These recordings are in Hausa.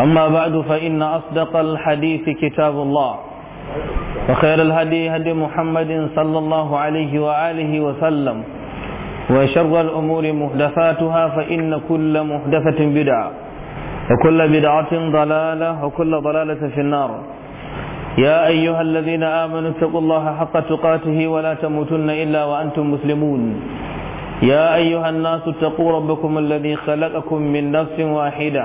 أما بعد فإن أصدق الحديث كتاب الله وخير الهدي هدي محمد صلى الله عليه وآله وسلم وشر الأمور محدثاتها فإن كل محدثة بدعة وكل بدعة ضلالة وكل ضلالة في النار يا أيها الذين آمنوا اتقوا الله حق تقاته ولا تموتن إلا وأنتم مسلمون يا أيها الناس اتقوا ربكم الذي خلقكم من نفس واحدة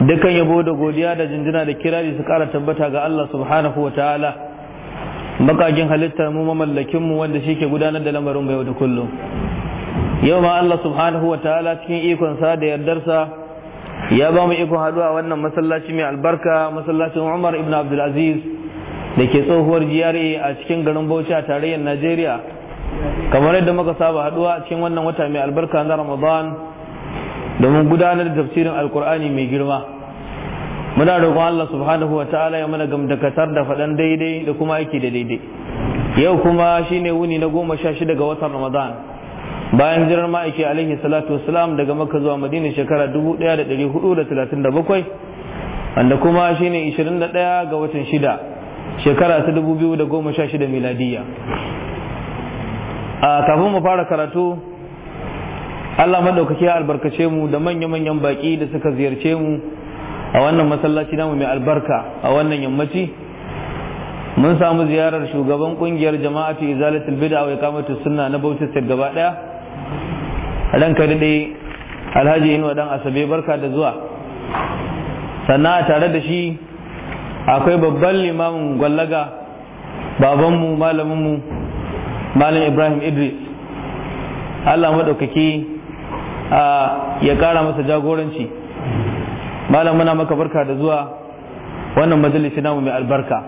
dukan yabo da godiya da jinjina da kirari su kara tabbata ga Allah subhanahu wa ta'ala bakakin halittar mu mamallakin mu wanda shi ke gudanar da lamarin mu yau da kullum yau ma Allah subhanahu wa ta'ala cikin ikon sa da yardarsa ya ba mu ikon haduwa wannan masallaci mai albarka masallacin Umar ibn Abdul Aziz da ke tsohuwar GRA a cikin garin Bauchi a tarayyar Najeriya kamar yadda muka saba haduwa cikin wannan wata mai albarka na Ramadan domin gudanar da tafsirin alkur'ani mai girma muna roƙon Allah subhanahu wa ta'ala ya mana gamdakatar da faɗan daidai da kuma aiki da daidai yau kuma shine wuni na goma sha shida ga watan ramadan bayan jirar ma'aiki alaihi salatu wasalam daga makka zuwa madina shekara 1437 wanda kuma shine 21 ga watan shida shekara ta 2016 miladiya a kafin mu fara karatu Allah madaukaki ya albarkace mu da manya-manyan baki da suka ziyarce mu a wannan masallaci namu mai albarka a wannan yammaci mun samu ziyarar shugaban kungiyar jama'atu izalatul bid'a wa iqamatu sunna na Bauchi State gaba daya ranka dai Alhaji Inuwa dan Asabe barka da zuwa sannan a tare da shi akwai babban limamin gwallaga babanmu malaminmu malam Ibrahim Idris Allah maɗaukaki ya kara masa jagoranci malam muna maka barka da zuwa wannan majalisi namu mai albarka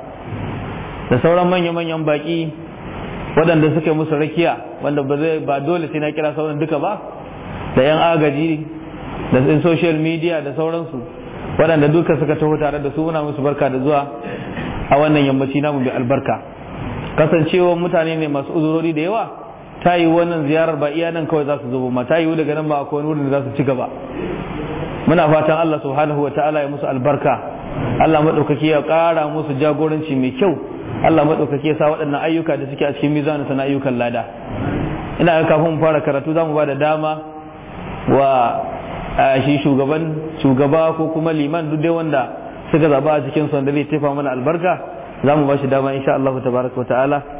da sauran manya-manyan baki waɗanda suka musu rakiya wanda ba dole sai na kira sauran duka ba da 'yan agaji da in social media da sauransu waɗanda duka suka taho tare da su muna musu barka da zuwa a wannan yammaci namu mai albarka kasancewa mutane ne masu uzurori da yawa ta yi wannan ziyarar ba iya nan kawai za su zubo ma ta yi daga nan ba akwai wurin da za su ci gaba muna fatan Allah subhanahu wa ta'ala ya musu albarka Allah maɗaukaki ya ƙara musu jagoranci mai kyau Allah maɗaukaki ya sa waɗannan ayyuka da suke a cikin mizanin sana ayyukan lada ina ga kafin fara karatu za mu ba da dama wa shi shugaban shugaba ko kuma liman duk dai wanda suka zaba a cikin sandali da mana albarka za mu ba shi dama insha Allah tabaraka wa ta'ala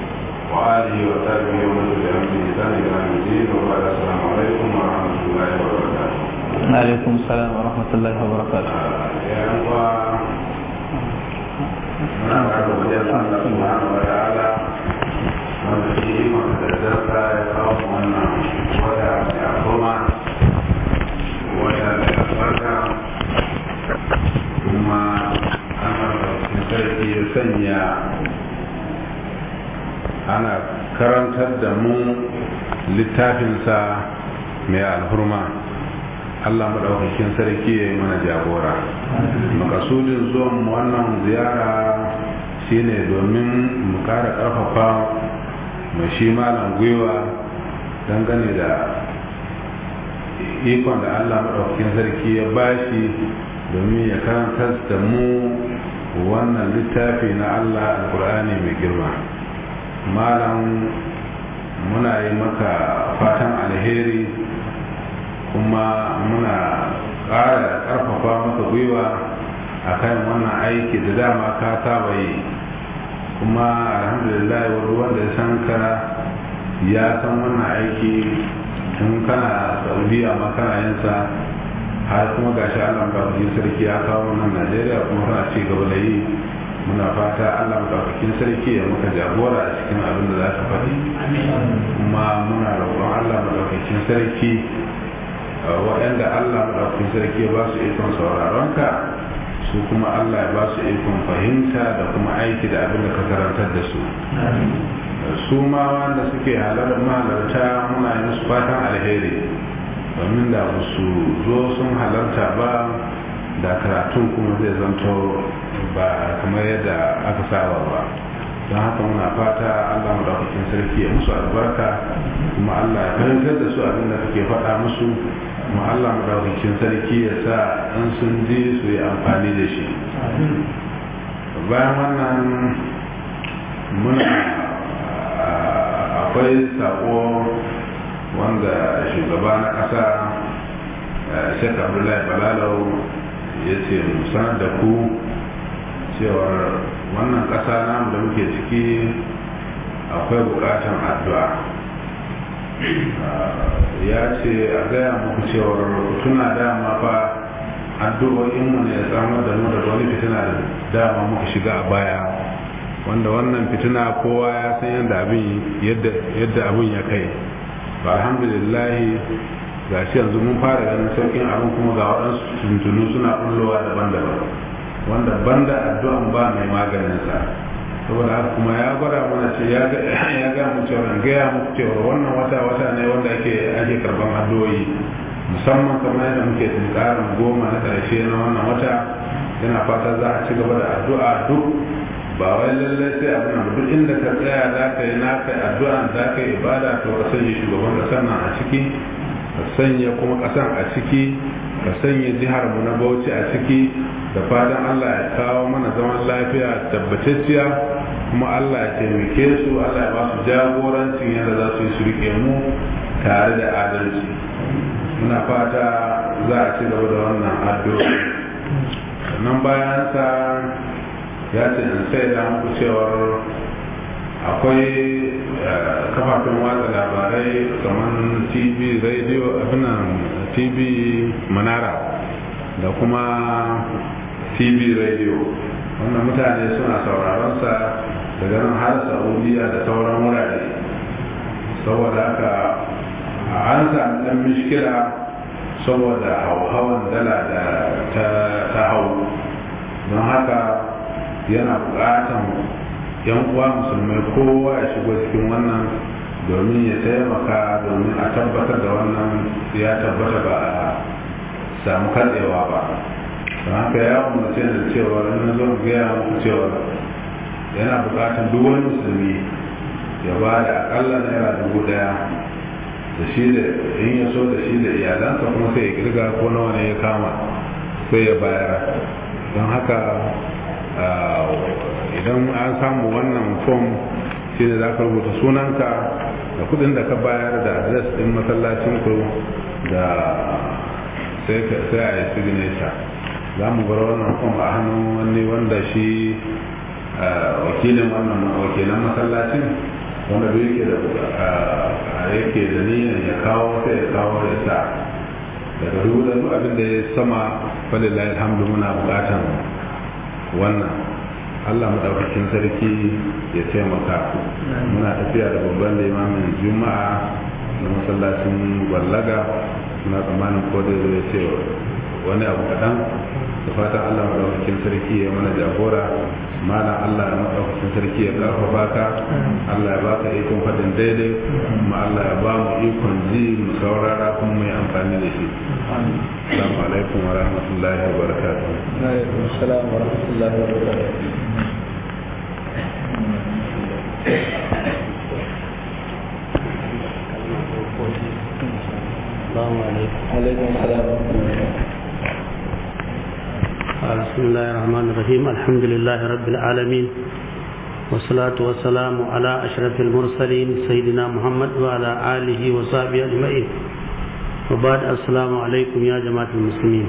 وآله وتابعه يوم السلام عليكم ورحمة الله وبركاته. وعليكم السلام ورحمة الله وبركاته. آه، يا أخوة نسأل نعم، سبحانه وتعالى يخاف ثم أمر ana karantar da mu littafinsa mai alhurma allah maɗaukakin sarki ya yi mana jagora makasudin zuwan wannan ziyara shine domin mu ƙara ƙarfafa mai shi malam gwiwa dangane da ikon da allah maɗaukakin sarki ya bashi domin ya karantar da mu wannan littafi na allah alƙur'ani mai girma malam muna yi maka fatan alheri kuma muna ƙara ƙarfafa maka gwiwa a kan wannan aiki da dama ka saba yi kuma alhamdulillah wani wanda ya san ka ya san wannan aiki tun kana saudiya makarayensa har kuma gashi allah sarki ya kawo nan najeriya kuma kana ci gaba da yi muna fata allah madaukakin sarki ya muka jagora a cikin abin da za ka faɗi kuma muna roƙon allah madaukakin sarki uh, waɗanda allah madaukakin sarki ba su ikon sauraronka su kuma allah ya ba su ikon fahimta da kuma aiki da abin da ka karantar da su uh, su ma wanda suke halar malarta muna yi musu fatan alheri domin da su zo sun halarta ba da karatun kuma zai zanto ba kamar yadda aka saba ba don haka muna fata allah madaukakin sarki ya musu albarka kuma allah ya fahimtar da su abin da kake faɗa musu kuma allah madaukakin sarki ya sa in sun ji su yi amfani da shi bayan wannan muna akwai sako wanda shugaba na ƙasa eh, shekaru lai balalau ya ce musamman da ku cewa wannan ƙasa namu da muke ciki akwai bukatan addu'a ah, ya ce a gaya muku cewar tuna dama fa addu'o'inmu ne ya samu da mu da wani fitina da dama muka shiga a baya wanda wannan fitina kowa ya san yadda abin yadda abin ya kai ba alhamdulillahi ga shi yanzu mun fara ganin saukin abin kuma ga waɗansu tuntunu suna ɓullowa daban-daban wanda banda addu'an ba mai maganin maganinsa saboda haka kuma ya gwada mana ce ya ga mu cewa gaya mu cewa wannan wata wata ne wanda ake ake karban addu'o'i musamman kamar yadda muke tunkarin goma na karshe na wannan wata yana fata za a ci gaba da addu'a duk ba wai lallai sai abin nan duk inda ka tsaya za ka yi naka addu'a za ka yi ibada to ka sanya shugaban kasan nan a ciki ka sanya kuma kasan a ciki ka sanya jihar mu na bauchi a ciki da fatan Allah ya kawo mana zaman lafiya tabbatacciya kuma Allah ya taimake su Allah ya ba su jagorancin yadda za su yi su mu tare da adalci muna fata za a ci gaba da wannan addu'a sannan bayan sa ya ce in sai da muku cewar akwai eh, kafafen watsa labarai kamar tv radio abinan tv manara da kuma tv radio wannan mutane suna sauraron sa daga nan har saudiya da sauran wurare saboda haka an samu dan mishkila saboda hauhawan dala da ta hau don haka yana bukatan yan uwa musulmai kowa ya shigo cikin wannan domin ya taimaka domin a tabbatar da wannan ya tabbata ba a samu karɗewa ba don haka ya umarce da cewa na zo gaya muku cewa yana bukatar duk wani musulmi ya ba da akalla naira dubu daya da shi da in ya so da shi da iyalansa kuma sai ya kirga ko nawa ne ya kama sai ya bayar don haka ah, idan an samu wannan form shi ne za ka rubuta sunanka da kudin da ka bayar da adres din masallacinku da sai a yi signature za mu bar wannan form a hannun wani wanda shi wakilin wannan wakilan masallacin wanda duk yake da yake da niyan ya kawo sai ya kawo ya sa daga dubu da abin da ya sama falilahi hamdu muna bukatan wannan Allah madaukakin sarki ya taimaka muna tafiya da babban limamin juma'a na masallacin gwallaga na tsammanin kodai da ya ce wani abu kaɗan da fatan Allah madaukakin sarki ya mana jagora mana Allah ya madaukakin sarki ya karfafa ka Allah ya baka ikon fadin daidai kuma Allah ya ba mu ikon ji mu saurara kuma amfani da shi assalamu alaikum wa rahmatullahi wa barakatuh wa السلام عليكم وعليكم السلام الله بسم الله الرحمن الرحيم الحمد لله رب العالمين والصلاة والسلام على أشرف المرسلين سيدنا محمد وعلى آله وصحبه أجمعين وبعد السلام عليكم يا جماعة المسلمين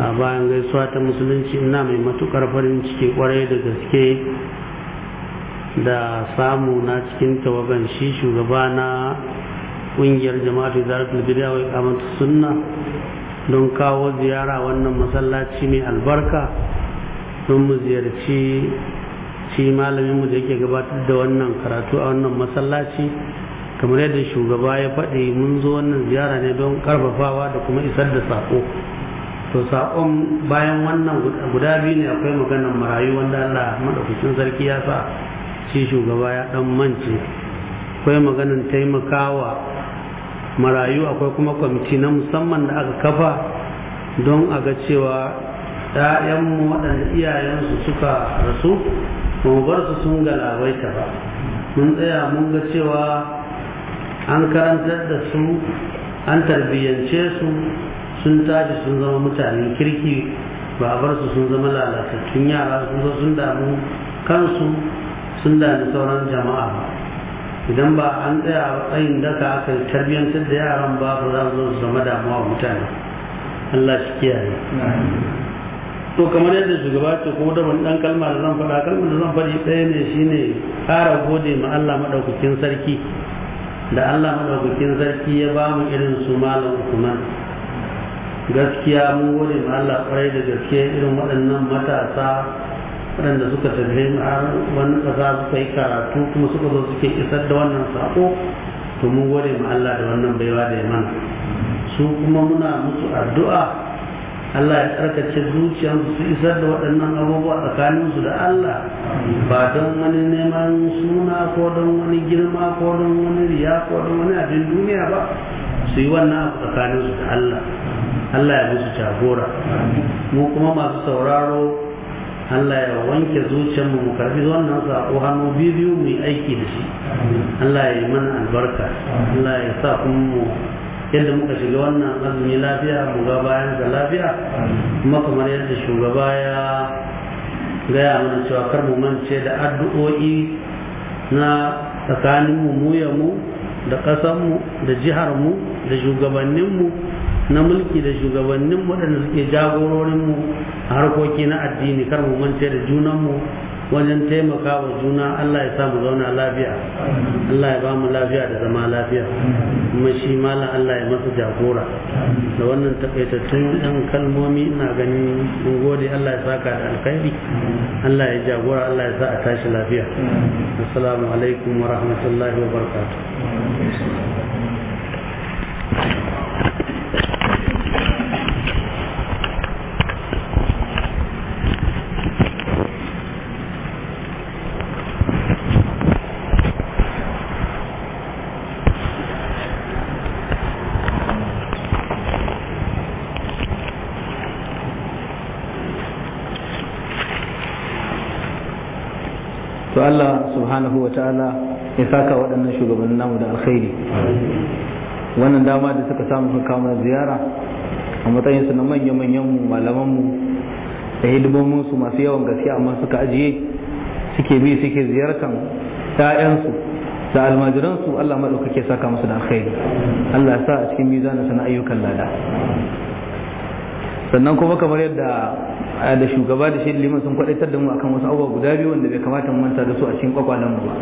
a bayan gaisuwa ta musulunci ina mai matukar farin ciki kwarai da gaske da samu na cikin tawagan shi shugaba na kungiyar jama'atu zaratul wa iqamatu sunna don kawo ziyara wannan masallaci mai albarka don mu ziyarci shi mu da yake gabatar da wannan karatu a wannan masallaci kamar yadda shugaba ya faɗi mun zo wannan ziyara ne don karfafawa da kuma isar da saƙo to saƙon bayan wannan guda biyu ne akwai maganar marayu wanda allah maɗaukacin sarki ya sa shi shugaba ya ɗan mance akwai maganar taimakawa marayu akwai kuma kwamiti na musamman da aka kafa don a ga cewa ‘ya'yanmu waɗanda iyayensu suka rasu mu bar su sun galabaita ba mun tsaya mun ga cewa an karantar da su an tarbiyyance su sun tashi sun zama mutanen kirki ba a bar su sun zama lalatattun yara sun zo sun damu kansu sun dami sauran jama'a ba idan ba an tsaya a tsayin daka aka yi tarbiyyantar da yaran ba ba za su zo su zama damuwa mutane Allah shi kiyaye to kamar yadda shugaba ce ko da wani dan kalma da zan faɗa kalma da zan faɗi ɗaya ne shine ƙara gode ma Allah maɗaukukin sarki da Allah maɗaukukin sarki ya ba mu irin su malam Usman gaskiya mun gode ma Allah kwarai da gaske irin waɗannan matasa waɗanda suka tafi a wani ƙasa suka yi karatu kuma suka zo suke isar da wannan saƙo to mun gode ma Allah da wannan baiwa da ya mana su kuma muna musu addu'a Allah ya tsarkace zuciyansu su isar da waɗannan abubuwa tsakaninsu da Allah ba don wani neman suna ko don wani girma ko don wani riya ko don wani abin duniya ba su yi wannan abu tsakaninsu da Allah Allah ya musu jagora mu kuma masu sauraro Allah ya wanke zuciyar mu karbi wannan sako hannu biyu biyu mu yi aiki da shi Allah ya yi mana albarka Allah ya sa kuma mu yadda muka shiga wannan azumi lafiya mu ga bayan da lafiya kuma kamar yadda shugaba ya gaya mana cewa kar mu mance da addu'o'i na tsakanin mu mu da ƙasar mu da jihar mu da shugabannin mu na mulki da shugabannin waɗanda suke jagororinmu a harkoki na addini kar mu mance da junanmu wajen taimaka wa juna Allah ya samu zauna lafiya Allah ya ba mu lafiya da zama lafiya kuma shi malam Allah ya masa jagora da wannan takaitattun yan kalmomi ina ganin mun gode Allah ya saka da alkhairi Allah ya jagora Allah ya sa a tashi lafiya assalamu alaikum wa rahmatullahi wa barakatuh Allah subhanahu wa ta'ala ya saka waɗannan shugabannin namu da alkhairi wannan dama da suka samu suka kama ziyara a matsayinsu na manya-manyan mu malaman mu da hidimomin su masu yawan gaske amma suka ajiye suke bi suke ziyartan ƴaƴansu da almajiransu Allah maɗaukake saka musu da alkhairi Allah sa a cikin mizanin sana'ayyukan lada sannan kuma kamar yadda da shugaba da shi liman sun kwadaitar da mu akan wasu abubuwa guda biyu wanda bai kamata mu manta da su a cikin kwakwalen mu ba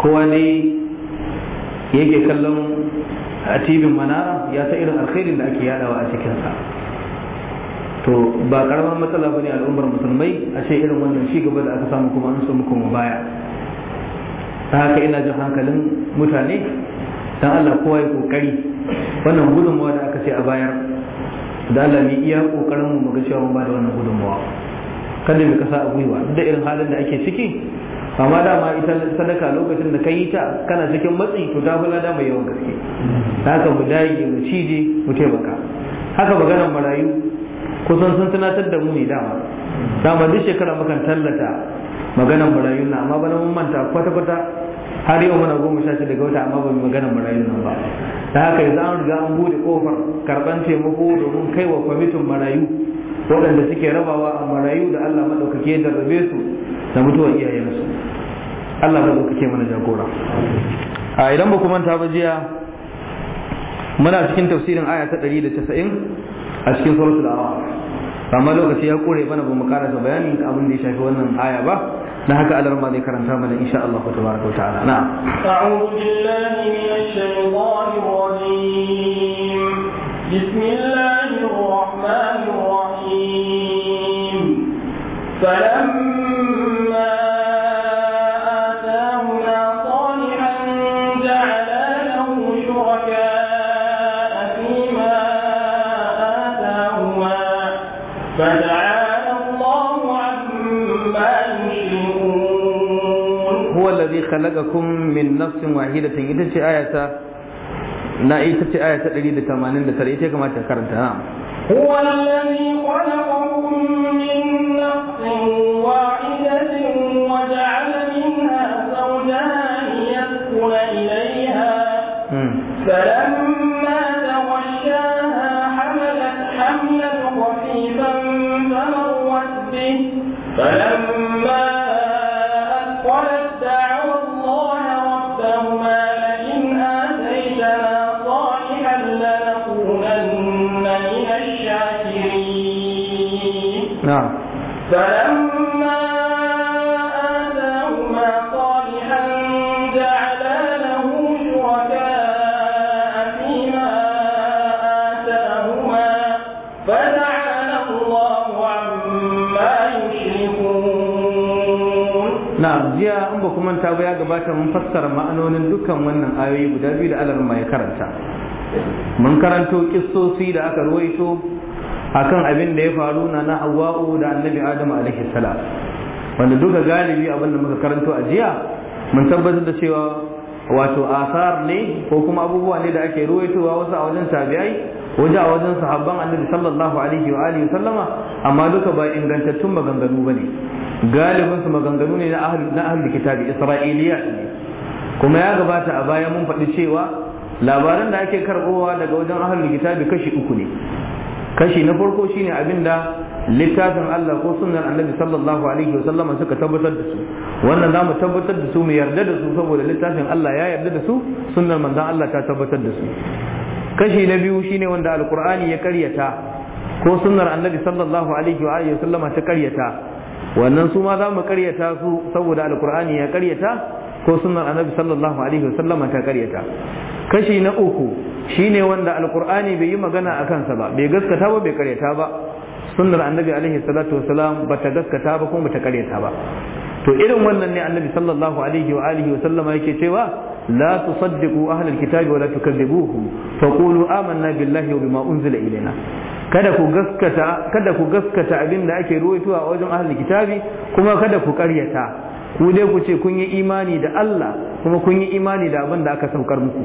kowa ne yake kallon a tibin manara ya ta irin alkhairin da ake yadawa a cikinsa to ba karamar matsala bane al'ummar musulmai a ce irin wannan shi gaba da aka samu kuma an so muku mu baya ta haka ina jin hankalin mutane dan Allah kowa ya kokari wannan gudunmawa da aka ce a bayar da Allah iya kokarin mu ga cewa mun ba da wannan gudunmawa kada mu kasa a gwiwa duk da irin halin da ake ciki amma dama ita sadaka lokacin da ka yi ta kana cikin matsi to ta fi lada mai yawan gaske haka mu dage mu cije mu taimaka haka maganar marayu kusan sun tunatar da mu ne dama dama duk shekara mukan tallata maganar marayu na amma bana mun manta kwata-kwata har yau muna goma sha shi daga wata amma ba mu magana rayu nan ba ta haka yanzu an riga an bude kofar karban taimako domin kai wa kwamitin marayu waɗanda suke rabawa a marayu da Allah maɗaukaki ya jarrabe su da mutuwar iyayensu Allah kake mana jagora a idan ba ku manta ba jiya muna cikin tafsirin aya ta 190 a cikin suratul a'raf amma lokaci ya kore mana ba mu karanta bayanin abin da ya shafi wannan aya ba da haka alarma zai karanta mana insha Allah tabaraka wa ta'ala na'am a'udhu billahi minash shaitanir rajim bismillahir rahmanir rahim falamma huwa allazi khalaqakum min nafsin wahidatin ita ce ayata na ita ce ayata 189 ita kamata karanta na huwa manta ba ya gabata mun fassara ma'anonin dukkan wannan ayoyi guda biyu da alarma mai karanta mun karanto kissosi da aka ruwaito akan abin da ya faru na na hawa'u da annabi adam alaihi salam wanda duka galibi abin da muka karanto a jiya mun tabbatar da cewa wato asar ne ko kuma abubuwa ne da ake ruwaitowa wasu a wajen tabi'ai waje a wajen sahabban annabi sallallahu alaihi wa alihi sallama amma duka ba ingantattun maganganu bane galibin su maganganu ne na ahlul kitabi isra'iliya ne. kuma ya gabata a baya mun faɗi cewa labaran da ake karɓowa daga wajen ahlul kitabi kashi uku ne kashi na farko shine abinda littafin Allah ko sunnar annabi sallallahu alaihi wasallama suka tabbatar da su wannan za mu tabbatar da su mu yarda da su saboda littafin Allah ya yarda da su sunnar manzon Allah ta tabbatar da su kashi na biyu shine wanda alqur'ani ya karyata ko sunnar annabi sallallahu alaihi wa sallama ta karyata wannan su ma za mu karyata su saboda alkur'ani ya karyata ko sunan annabi sallallahu alaihi wasallam ta karyata kashi na uku shine wanda alkur'ani bai yi magana a kansa ba bai gaskata ba bai karyata ba sunnar annabi alaihi salatu wasallam ba ta gaskata ba kuma ba ta karyata ba to irin wannan ne annabi sallallahu alaihi wa alihi wa sallama yake cewa la tusaddiqu ahlal kitabi wa la fa qulu amanna billahi wa bima unzila ilaina kada ku gaskata kada ku gaskata abin da ake ruwaitowa a wajen ahlul kitabi kuma kada ku karyata ku dai ku ce kun yi imani da Allah kuma kun yi imani da abin da aka saukar muku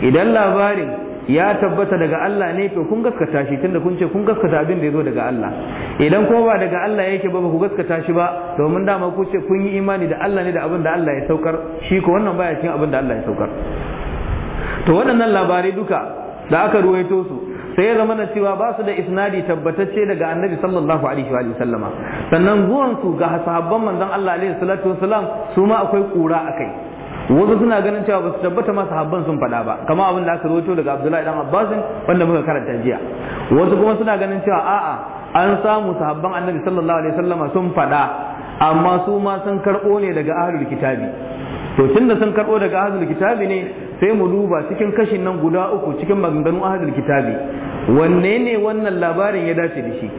idan labarin ya tabbata daga Allah ne to kun gaskata shi tunda kun ce kun gaskata abin da ya zo daga Allah idan kuma ba daga Allah yake ba ku gaskata shi ba to mun dama ku ce kun yi imani da Allah ne da abin da Allah ya saukar shi ko wannan baya cikin abin da Allah ya saukar to waɗannan labarai duka da aka ruwaito su sai ya zama cewa ba su da isnadi tabbatacce daga annabi sallallahu alaihi wa sallama sannan zuwan su ga sahabban manzon Allah alaihi salatu wasalam su ma akwai kura akai wasu suna ganin cewa basu su tabbata masa habban sun faɗa ba Kama abin da aka rawaito daga Abdullahi dan Abbas wanda muka karanta jiya wasu kuma suna ganin cewa a'a an samu sahabban Annabi sallallahu alaihi wasallama sun faɗa amma su ma sun karɓo ne daga ahlul kitabi to tunda sun karɓo daga ahlul kitabi ne sai mu duba cikin kashin nan guda uku cikin maganganun ahlul kitabi wanne ne wannan labarin ya dace da shi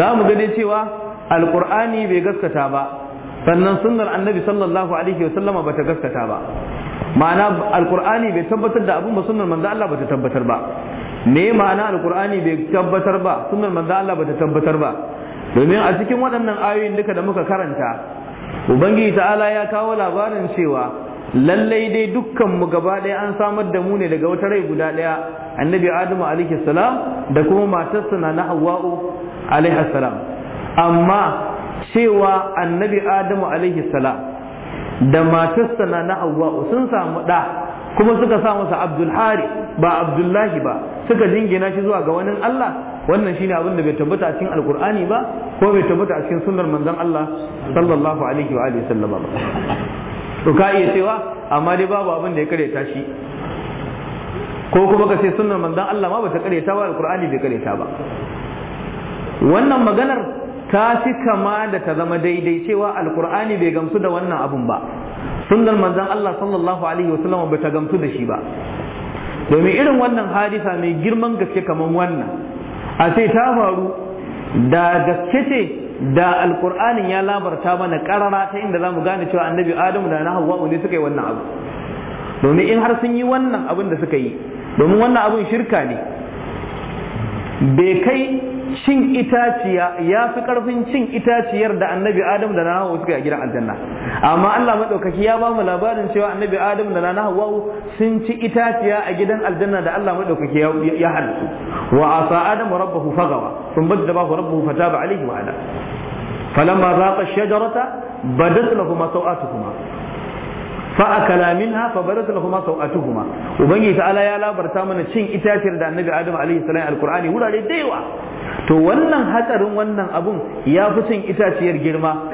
za mu ga dai cewa alqur'ani bai gaskata ba sannan sunnar annabi sallallahu alaihi wa sallama bata gaskata ba ma'ana alqur'ani bai tabbatar da abin ba sunnar manzo Allah bata tabbatar ba me ma'ana alqur'ani bai tabbatar ba sunnar manzo Allah bata tabbatar ba domin a cikin waɗannan ayoyin duka da muka karanta ubangiji ta'ala ya kawo labarin cewa lallai dai dukkan mu gaba ɗaya an samar da mu ne daga wata rai guda ɗaya annabi adamu alaihi salam da kuma matarsa na na hawwa'u alaihi salam amma cewa annabi adamu alaihi sala da matarsa na na hawwa sun samu ɗa kuma suka sa masa abdul hari ba abdullahi ba suka jingina shi zuwa ga wani allah wannan shine abin da bai tabbata a cikin alkur'ani ba ko bai tabbata a cikin sunnar manzon allah sallallahu alaihi wa alihi sallam ba to ka iya cewa amma dai babu abin da ya kareta shi ko kuma ka ce sunnar manzon allah ma bata kareta ba alkur'ani bai kareta ba wannan maganar ta fi kama da ta zama daidai cewa alkur'ani bai gamsu da wannan abun ba sunnar manzon Allah sallallahu alaihi sallam ba ta gamsu da shi ba domin irin wannan hadisa mai girman gaske kaman wannan a sai ta faru da gaske ce da alkur'anin ya labarta mana karara ta inda za mu gane cewa annabi adamu da na hawa ne suka yi wannan abu domin in har sun yi wannan abin da suka yi domin wannan abun shirka ne bai kai cin itaciya ya fi karfin cin itaciyar da annabi adam da na hawa suka yi a gidan aljanna amma Allah maɗaukaki ya ba mu labarin cewa annabi adam da na hawa sun ci itaciya a gidan aljanna da Allah maɗaukaki ya halittu wa asa adam rabbahu fagawa sun bada ba rabbahu fataba alaihi wa ala falamma zaqa shajarata badat masau'atu kuma فأكلا منها فبرت لهما سوءاتهما وبنجي تعالى يا لا برتامنا شين إتاتر دا النبي آدم عليه السلام القرآن يقول عليه ديوة to wannan hatsarin wannan abun ya fi cin itaciyar girma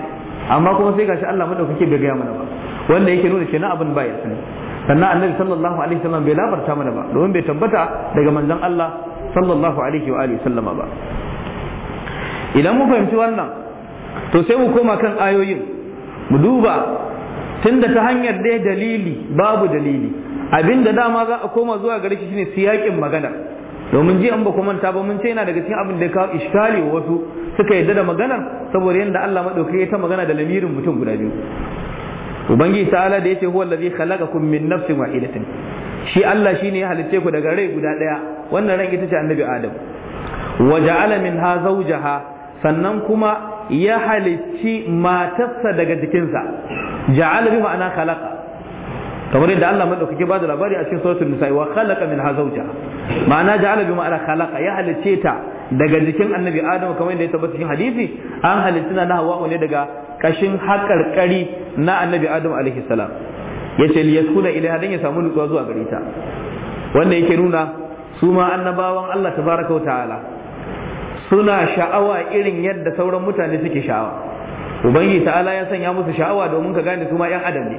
amma kuma sai gashi Allah madaukake bai gaya mana ba wanda yake nuna kenan abin ba ya sani sannan annabi sallallahu alaihi wasallam bai labarta mana ba domin bai tabbata daga manzon Allah sallallahu alaihi wa alihi sallama ba idan mu fahimci wannan to sai mu koma kan ayoyin mu duba Tun da ta hanyar dai dalili babu dalili abinda dama za a koma zuwa gare shi shine siyakin magana domin ji an ba ku manta ba mun ce yana daga cikin abin da ya kawo iskali wa wasu suka yadda da maganar saboda yadda Allah madauki ya ta magana da lamirin mutum guda biyu ubangiji ta'ala da yace huwa allazi khalaqakum min nafsin wahidatin shi Allah shine ya halitte ku daga rai guda daya wannan ran ita ce annabi adam wa ja'ala minha zawjaha sannan kuma ya halicci matarsa daga jikinsa ja'ala bi ma'ana khalaqa kamar yadda Allah madaukake ba da labari a cikin suratul nisa wa khalaqa min hazawja ma'ana ja'ala bi ma'ana khalaqa ya halice ta daga jikin annabi adam kamar yadda ya tabbata cikin hadisi an halitta na hawa ne daga kashin hakarkari na annabi adam alaihi salam yace li yaskuna ilaiha dan ya samu nutsuwa zuwa gare ta wanda yake nuna su ma annabawan Allah tabaraka ta'ala suna sha'awa irin yadda sauran mutane suke sha'awa ubangiji ta'ala ya sanya musu sha'awa domin ka gane su ma yan adam ne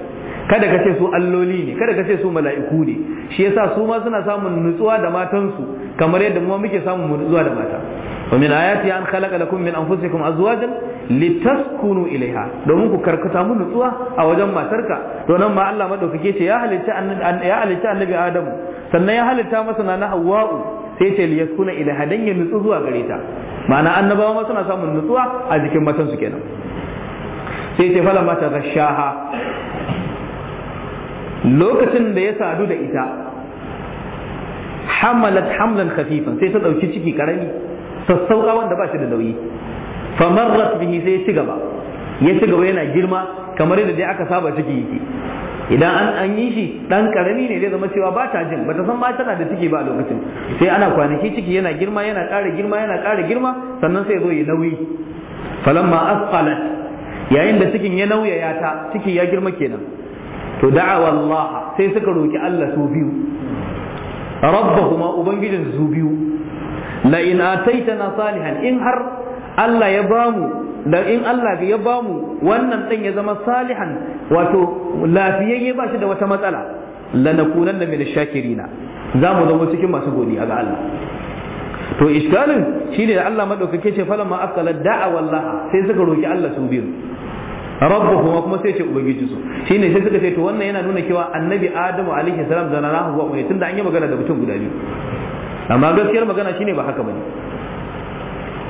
kada ka ce su alloli ne kada ka ce su mala'iku ne shi yasa su ma suna samun nutsuwa da matansu kamar yadda mu muke samun nutsuwa da mata wa min ayati an khalaqa lakum min anfusikum azwajan litaskunu ilaiha domin ku karkata mu nutsuwa a wajen matarka to nan ma Allah madaukake ce ya halitta ya halitta annabi Adam sannan ya halitta masa na Hawwa'u sai ce liyaskuna ilaiha dan ya nutsu zuwa gare ta ma'ana annabawa ma suna samun nutsuwa a jikin matansu kenan sai ce fara mata rashaha lokacin da ya sadu da ita hamalat hamlan khafifan sai ta ɗauki ciki karami sassauka wanda ba shi da nauyi famarrat bihi sai ya ci gaba ya ci gaba yana girma kamar yadda dai aka saba ciki yake idan an an yi shi dan karami ne zai zama cewa ba ta jin bata san ma tana da ciki ba a lokacin sai ana kwanaki ciki yana girma yana ƙara girma yana ƙara girma sannan sai zo ya nauyi falamma asqalat yayin da cikin ya nauyaya ta ciki ya girma kenan to da'awa Allah sai suka roki Allah su biyu rabbahuma ubangijin su biyu la in ataitana salihan in har Allah ya bamu da in Allah ya bamu wannan dan ya zama salihan wato lafiyayye ba shi da wata matsala lanakunanna min shakirina za mu zama cikin masu godiya ga Allah to iskalin shine da Allah madaukake ce falan ma akala da'a wallaha sai suka roki Allah su biyu rabbuhuma kuma sai ce ubangiji su shine sai suka ce to wannan yana nuna cewa annabi adamu alaihi salam zananahu a ummi tunda an yi magana da mutum guda biyu amma gaskiyar magana shine ba haka bane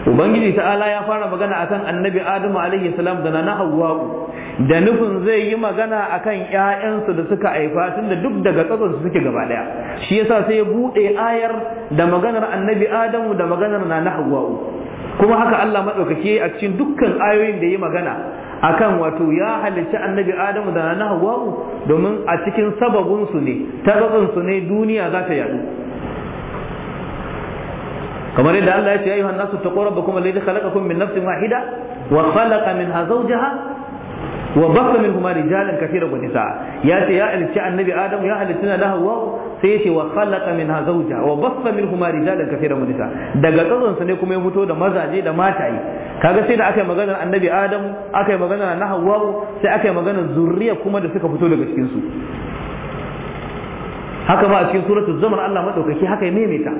ubangiji ta'ala ya fara magana akan annabi adamu alaihi salam da na hawwa'u da nufin zai yi magana akan ƴaƴansu da suka haifa da duk daga tsatson su suke gaba daya shi yasa sai ya bude ayar da maganar annabi adamu da maganar na hawwa'u kuma haka Allah madaukake a cikin dukkan ayoyin da ya magana akan wato ya halicci annabi adamu da na hawwa'u domin a cikin sababunsu ne ta su ne duniya za ta yadu kamar yadda Allah ya ce ayyuhan nasu taqu rabbakum alladhi khalaqakum min nafsin wahida wa khalaqa minha zawjaha wa basa min huma rijalan kathira wa nisaa ya ce ya halicci annabi adam ya halicci na hawa sai ya ce wa khalaqa minha zawja wa basa min huma rijalan kathira wa nisaa daga tsazon sa ne kuma ya fito da mazaje da mataye kaga sai da aka yi maganar annabi adam aka yi maganar na hawa sai aka yi maganar zurriya kuma da suka fito daga cikin su haka ma a cikin suratul zamar Allah madaukaki haka ya maimaita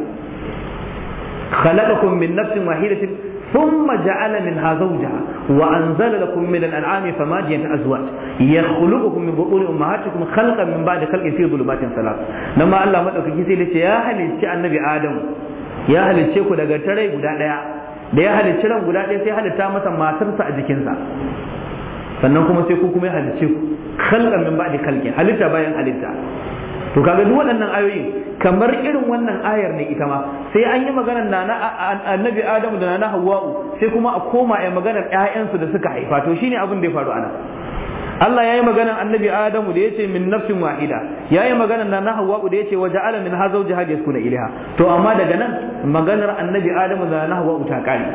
خلقكم من نفس واحدة ثم جعل منها زوجها وأنزل لكم من الأنعام فماجية أزواج يخلقكم من بطون أمهاتكم خلقا من بعد خلق في ظلمات ثلاث لما الله مدعوك كيسي يا أهل النبي آدم يا أهل الشيخ daga tare guda ɗaya da ya halicci ran guda ɗaya sai halitta masa matarsa a jikinsa sannan kuma sai ku kuma ya halicce ku khalqan min ba'di khalqi halitta bayan halitta to kaga duk waɗannan ayoyin kamar irin wannan ayar ne ita ma sai an yi magana na annabi adamu da na hawwa'u sai kuma a koma a maganar ƴaƴansu da suka haifa to shine abin da ya faru ana Allah ya yi maganar annabi Adamu da ya ce min nafsin wahida ya yi maganar na Hawwa'u da ya ce waje ala min hazau jihad ya kuna ilha to amma daga nan maganar annabi Adamu da na Hawwa'u ta kare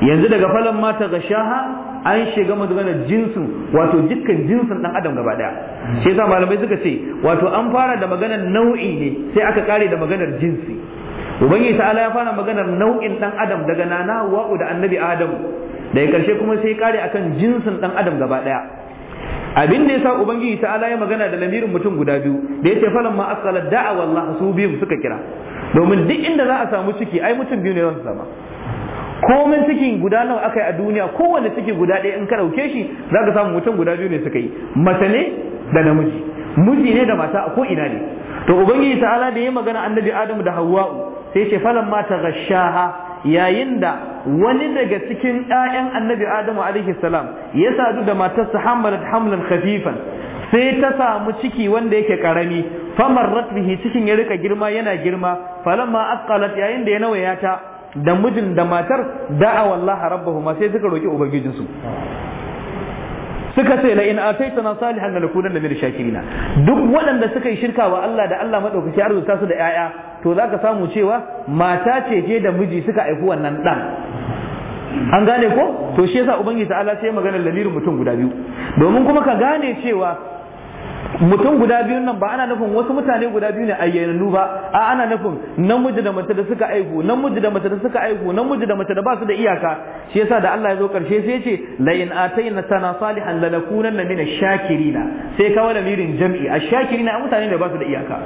yanzu daga falan mata ga shaha an shiga maganar jinsin wato dukkan jinsin dan adam gaba daya sai yasa malamai suka ce wato an fara da maganar nau'i ne sai aka kare da maganar jinsi ubangiji ta'ala ya fara maganar nau'in dan adam daga nana wa'u da annabi adam daga karshe kuma sai kare akan jinsin dan adam gaba daya abin da yasa ubangiji ta'ala ya magana da lamirin mutum guda biyu da yace falan ma asala da'a wallahi su biyu suka kira domin duk inda za a samu ciki ai mutum biyu ne za su zama komin cikin guda nawa aka yi a duniya kowanne ciki guda ɗaya in ka ɗauke shi za ka samu mutum guda biyu ne suka yi mace ne da namiji miji ne da mata a ko ina ne to ubangiji ta'ala da ya magana annabi adamu da hawwa'u sai ce falan mata gashaha yayin da wani daga cikin ɗayan annabi adamu alaihi salam ya sadu da matarsa hamalat hamlan khafifan sai ta samu ciki wanda yake karami Famar bihi cikin ya rika girma yana girma ma asqalat yayin da ya nawaya ta da mijin da matar da'a wallaha huma sai suka roki ubangijinsu suka ce la in ataitana salihan la nakunanna min shakirina duk waɗanda suka yi shirka wa Allah da Allah madaukaki arzuta su da yaya to zaka samu cewa mata ce je da miji suka aiku wannan dan an gane ko to shi yasa ubangiji ta'ala sai maganar lalirin mutum guda biyu domin kuma ka gane cewa mutum guda biyun nan ba ana nufin wasu mutane guda biyu ne ayyanannu ba a ana nufin namiji da mace da suka aihu namiji da mace da suka aihu namiji da mace da ba su da iyaka shi yasa da Allah ya zo karshe sai ya ce la in atayna sana salihan lanakunanna min ash-shakirina sai kawo mirin jam'i ash-shakirina mutane da ba su da iyaka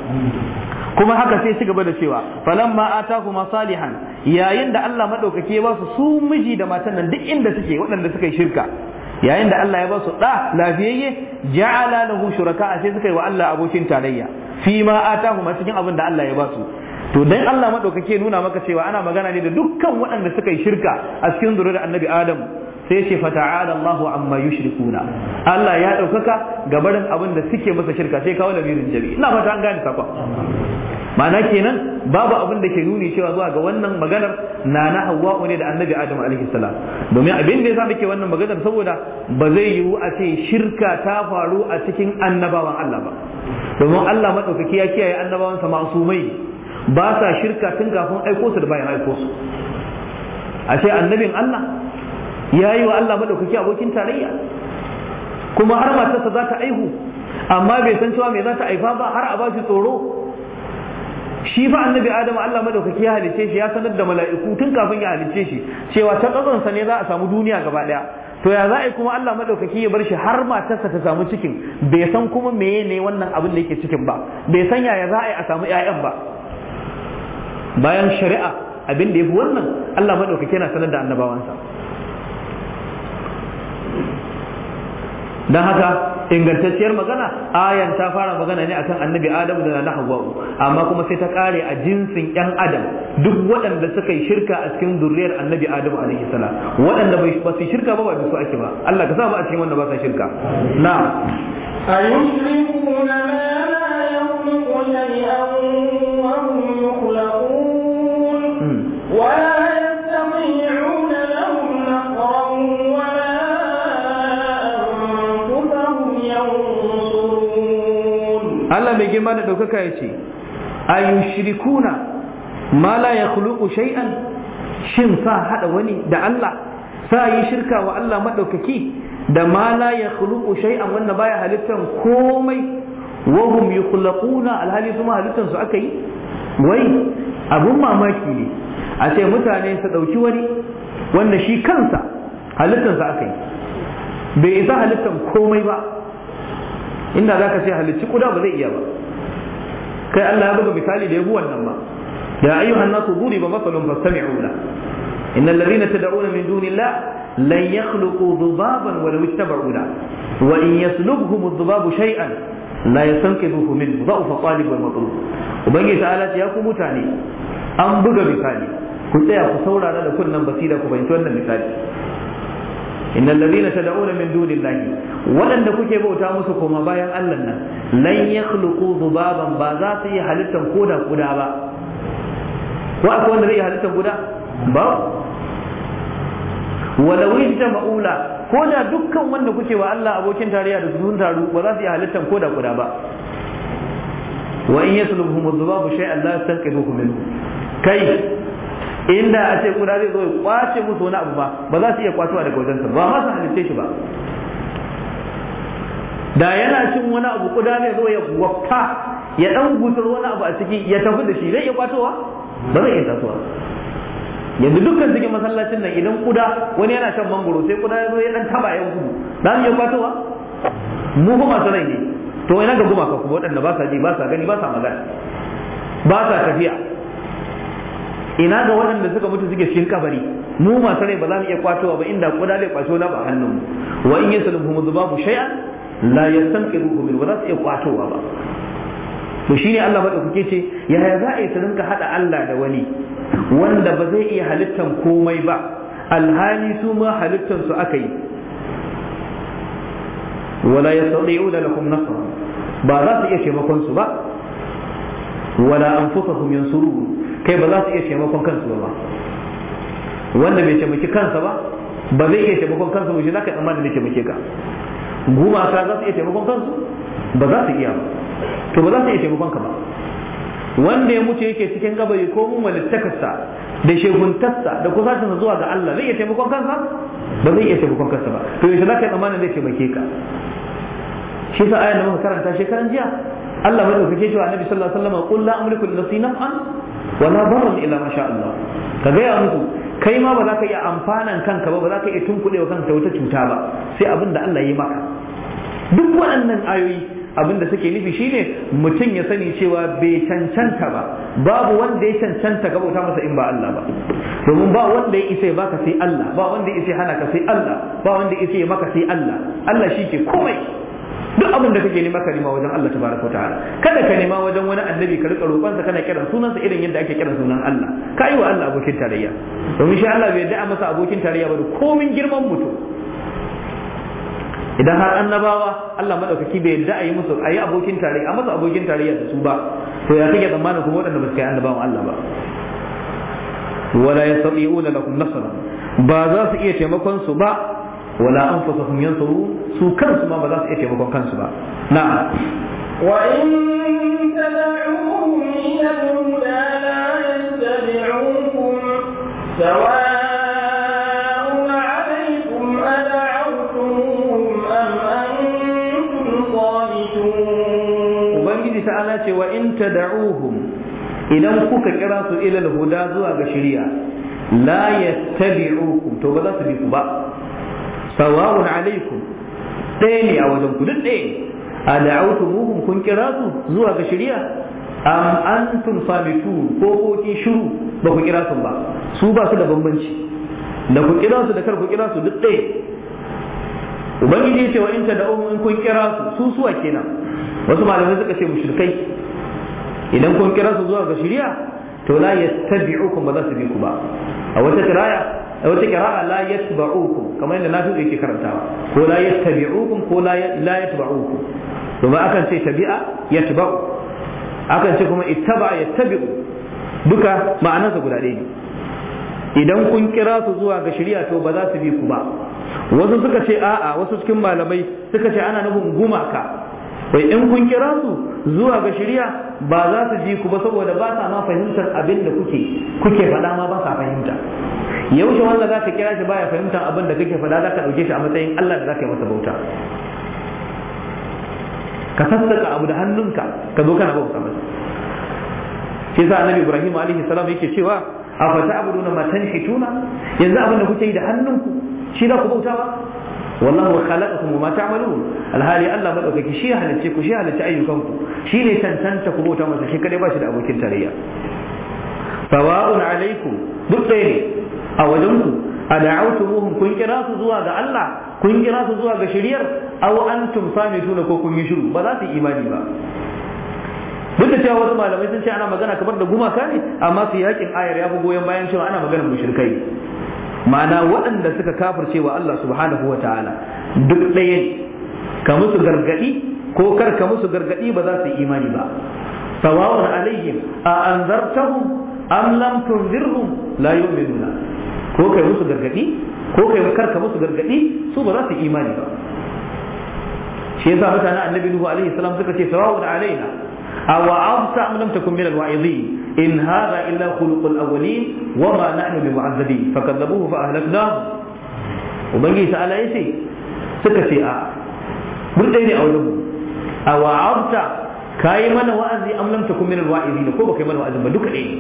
kuma haka sai ci gaba da cewa falamma atahuma salihan yayin da Allah madaukake ba su su miji da matan nan duk inda suke waɗanda suka yi shirka yayin da Allah ya ba su da lafiyayye ja'ala lahu shuraka sai suka yi wa Allah abokin tarayya fi ma atahum cikin abin da Allah ya ba su to dan Allah madaukake nuna maka cewa ana magana ne da dukkan waɗanda suka yi shirka a cikin zuriyar Annabi Adam sai ce fata'ala Allahu amma yushrikuna Allah ya ɗaukaka ga abin da suke masa shirka sai kawo lamirin jami'i ina fata an gane sakon ma'ana kenan babu abin da ke nuni cewa zuwa ga wannan maganar na na hawa'u ne da annabi adam alaihi salam domin abin da yasa muke wannan maganar saboda ba zai yiwu a ce shirka ta faru a cikin annabawan Allah ba domin Allah madaukaki ya kiyaye annabawansa masumai ba sa shirka tun kafin aiko su da bayan aiko su a ce annabin Allah ya yi wa Allah madaukaki abokin tarayya kuma har matarsa za ta aihu amma bai san cewa me za ta aifa ba har a ba shi tsoro shi fa annabi adamu Allah madaukaki ya halice shi ya sanar da mala'iku tun kafin ya halice shi cewa ta tsatsansa ne za a samu duniya gaba daya to ya za a yi kuma Allah madaukaki ya bar shi har matarsa ta samu cikin bai san kuma meye ne wannan abin da yake cikin ba bai san yaya za a yi a samu ƴaƴan ba bayan shari'a abin da ya fi wannan Allah madaukaki yana sanar da annabawansa don haka ingantacciyar magana ayan ta fara magana ne akan annabi adam da na hawa'u amma kuma sai ta kare a jinsin yan adam duk waɗanda suka yi shirka a cikin zuriyar annabi adam alaihi salam waɗanda ba su shirka ba ba su ake ba Allah ka sa mu a cikin wanda ba sa shirka na ma la shay'an wa hum wa girma da ɗaukaka ya ce ayushrikuna ma la yakhluqu shay'an shin sa haɗa wani da Allah sa yi shirka wa Allah madaukaki da ma la yakhluqu shay'an wanda baya halittar komai wa hum yukhlaquna alhali kuma su aka yi wai abun mamaki ne a ce mutane su ɗauki wani wanda shi kansa halittan aka yi bai isa halittan komai ba inda zaka ce halicci kuda ba zai iya ba kai Allah ya buga misali da yabu wannan ma ya ayyuhan nasu duriba masalun fastami'u la innal ladina tad'una min dunillah lan yakhluqu dhubaban wa law ittaba'u la wa in yaslubhum adh-dhubabu shay'an la yastanqidhuhu min dha'f talib wal matlub ubangi ta'ala ya ku mutane an buga misali ku tsaya ku saurara da kunnan basira ku bayyana wannan misali innal ladina tad'una min dunillahi waɗanda kuke bauta musu koma bayan Allah nan lan yakhluqu dhubaban ba za su yi halittan koda guda ba ko akwai wanda zai yi halittan guda ba walau yajma'u ma'ula ko da dukkan wanda kuke wa Allah abokin tarayya da sun taru ba za su yi halittan koda guda ba wa in yaslubhum dhubabu shay'an la yastanqidhuhu minhu kai inda a ce kuna zai zo ya kwace musu wani abu ba ba za su iya kwatuwa daga wajensa ba ma su halitta shi ba da yana cin wani abu kuda zai zo ya wafta ya dan gutsar wani abu a ciki ya tafi da shi zai iya kwatowa ba zai iya tasowa yanzu dukkan cikin masallacin nan idan kuda wani yana shan mangoro sai kuda ya zo ya dan taba yan gudu za mu iya kwatowa mu kuma su rai ne to ina ga gumaka kuma waɗanda ba sa ji ba sa gani ba sa magana ba sa tafiya ina ga waɗanda suka mutu suke cikin kabari mu masu rai ba za mu iya kwatowa ba inda kuda zai kwaso na ba hannun wa in yasalhum dhubabu shay'an la yastanqiruhu min ba za su iya kwatowa ba to shine Allah madaukake ce yaya za a yi su rinka hada Allah da wani wanda ba zai iya halittan komai ba alhali su ma halittan su aka yi wala ya yastati'una lakum nasra ba za su iya taimakon su ba wala an anfusahum yansurun kai ba za su iya taimakon kansu ba wanda bai taimaki kansa ba ba zai iya taimakon kansa ba shi zaka tsammanin da taimake ka gumaka za su iya taimakon kansu ba za su iya ba to ba za su iya taimakon ka ba wanda ya mutu yake cikin gabari ko mun walittakarsa da shehuntarsa da kusacinsa zuwa ga Allah zai iya taimakon kansa ba zai iya taimakon kansa ba to yaushe za ka yi tsammanin zai taimake ka shi sa ayan da muka karanta shekaran jiya Allah madaukake dauke shi wa Annabi sallallahu alaihi wasallam qul la amliku li nafsi naf'an wala barran illa ma Allah ka gaya musu kai ma ba za ka iya amfanan kanka ba ba za ka iya wa kanka wata cuta ba sai abin da Allah ya maka duk waɗannan ayoyi abin da suke nufi shine mutum ya sani cewa bai cancanta ba babu wanda ya cancanta ka bauta masa in ba Allah ba domin ba wanda ya isa baka sai Allah ba wanda ya isa hana ka sai Allah ba wanda ya isa maka sai Allah Allah shi ke komai duk abin da kake nema ka nema wajen Allah tabaraka ta'ala kada ka nema wajen wani annabi ka rika roƙon sa kana kiran sunansa irin yadda ake kiran sunan Allah ka yi wa Allah abokin tarayya domin sha Allah bai da masa abokin tarayya ba da komin girman mutum idan har annabawa Allah madaukaki bai yarda a yi musu a yi abokin tarayya a masa abokin tarayya da su ba to ya kake zamana kuma waɗanda ba su kai annabawan Allah ba wala yastati'una lakum nasra ba za su iya taimakon su ba wala anfusahum yansuru su kansu ma ba za su iya taimakon kansu ba na'am wa in tad'uhum ila al ce wa in tad'uhum idan kuka kira su ila huda zuwa ga shari'a la yattabi'ukum to ba za su bi ku ba sawa'un alaikum ɗaya ne a wajen ku duk ɗaya a da'autu muhun kun kira su zuwa ga shari'a am antum sabitu ko ko ki shiru ba ku kira su ba su ba su da bambanci da ku kira su da kar ku kira su duk ɗaya ubangiji ya ce wa in ta da'u kun kira su su suwa kenan wasu malamai suka ce mushrikai idan kun kira su zuwa ga shari'a to la yastabi'ukum ba za su bi ku ba a wata kiraya a wata kira'a la yatba'ukum kamar yadda nafi yake karantawa ko la yattabi'ukum ko la yatba'ukum to ba akan ce tabi'a yatba'u akan ce kuma ittaba yattabi'u duka ma'anarsa guda ɗaya ne idan kun kira su zuwa ga shari'a to ba za su bi ku ba wasu suka ce a'a wasu cikin malamai suka ce ana nufin gumaka wai in kun kira su zuwa ga shari'a ba za su ji ku ba saboda ba sa ma fahimtar abin da kuke kuke faɗa ma ba sa fahimta yaushe wanda za ka kira shi baya fahimtar abin da kake faɗa za ka ɗauke shi a matsayin Allah da za ka yi masa bauta ka sassaka abu da hannunka ka zo kana bauta masa shi yasa annabi Ibrahim alaihi salam yake cewa a fata abuduna ma tanhituna yanzu abin da kuke yi da hannunku shi za ku bauta ba wallahu khalaqakum ma ta'malun alhali Allah madaukaki shi halice ku shi halice ayyukanku shi ne tantance ku bauta masa shi kadai ba shi da abokin tarayya sawa'un alaikum duk ɗaya ne a wajen ku a da'awtumuhum kun kira su zuwa ga Allah kun kira su zuwa ga shiryar aw antum samituna ko kun yi shiru ba za su yi imani ba duk da cewa wasu malamai sun ce ana magana kamar da gumaka ne amma su yakin ayar ya fi goyon bayan cewa ana maganar mushrikai ma'ana waɗanda suka kafirce wa Allah subhanahu wa ta'ala duk ɗaya ka musu gargaɗi ko kar ka musu gargaɗi ba za su yi imani ba sawa'un alaihim a anzartahum am lam tunzirhum la yu'minuna ko kai musu gargadi ko kai karka musu gargadi su ba za su imani ba shi yasa mutanen annabi nuhu alaihi salam suka ce sawa'un alaina aw a'ta am lam takun min al-wa'izin in hadha illa khuluqul awwalin wa ma nahnu bimu'azzabin fakadzabuhu fa ahlaknahu ubangiji ta'ala yace suka ce a mun dai ne a wurin aw a'ta yi mana wa'azi am ta takun min alwa'izin ko baka yi mana wa'azi ba duka ɗaya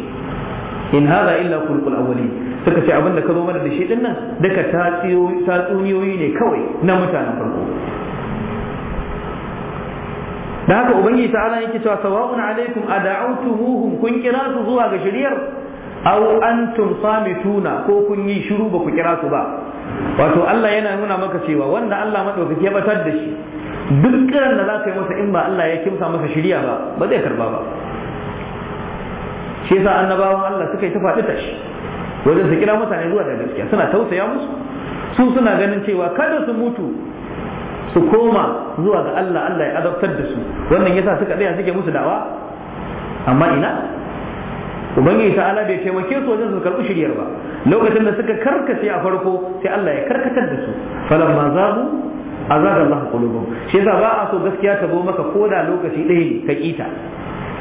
in hada illa khulqul awwalin suka ce abin da ka zo mana da shi dinnan duka tatsuniyoyi ne kawai na mutanen farko da haka ubangiji ta'ala yake cewa sawa'un alaikum ad'autuhum kun kira su zuwa ga shari'ar aw antum samituna ko kun yi shiru ba ku kira su ba wato Allah yana nuna maka cewa wanda Allah madaukaki ya batar da shi duk kiran da za ka yi masa in ba Allah ya kimsa masa shirya ba ba zai karba ba shi yasa annabawan Allah suka yi ta faɗi tashi wajen su kira mutane zuwa da gaskiya suna tausaya musu su suna ganin cewa kada su mutu su koma zuwa ga Allah Allah ya azabtar da su wannan yasa suka tsaya suke musu dawa? amma ina ubangiji ta'ala bai taimake su wajen su karɓi shiryar ba lokacin da suka karkace a farko sai Allah ya karkatar da su falamma zabu azada Allah qulubuhum shi yasa ba a so gaskiya ta zo maka da lokaci ɗaya ne ka kita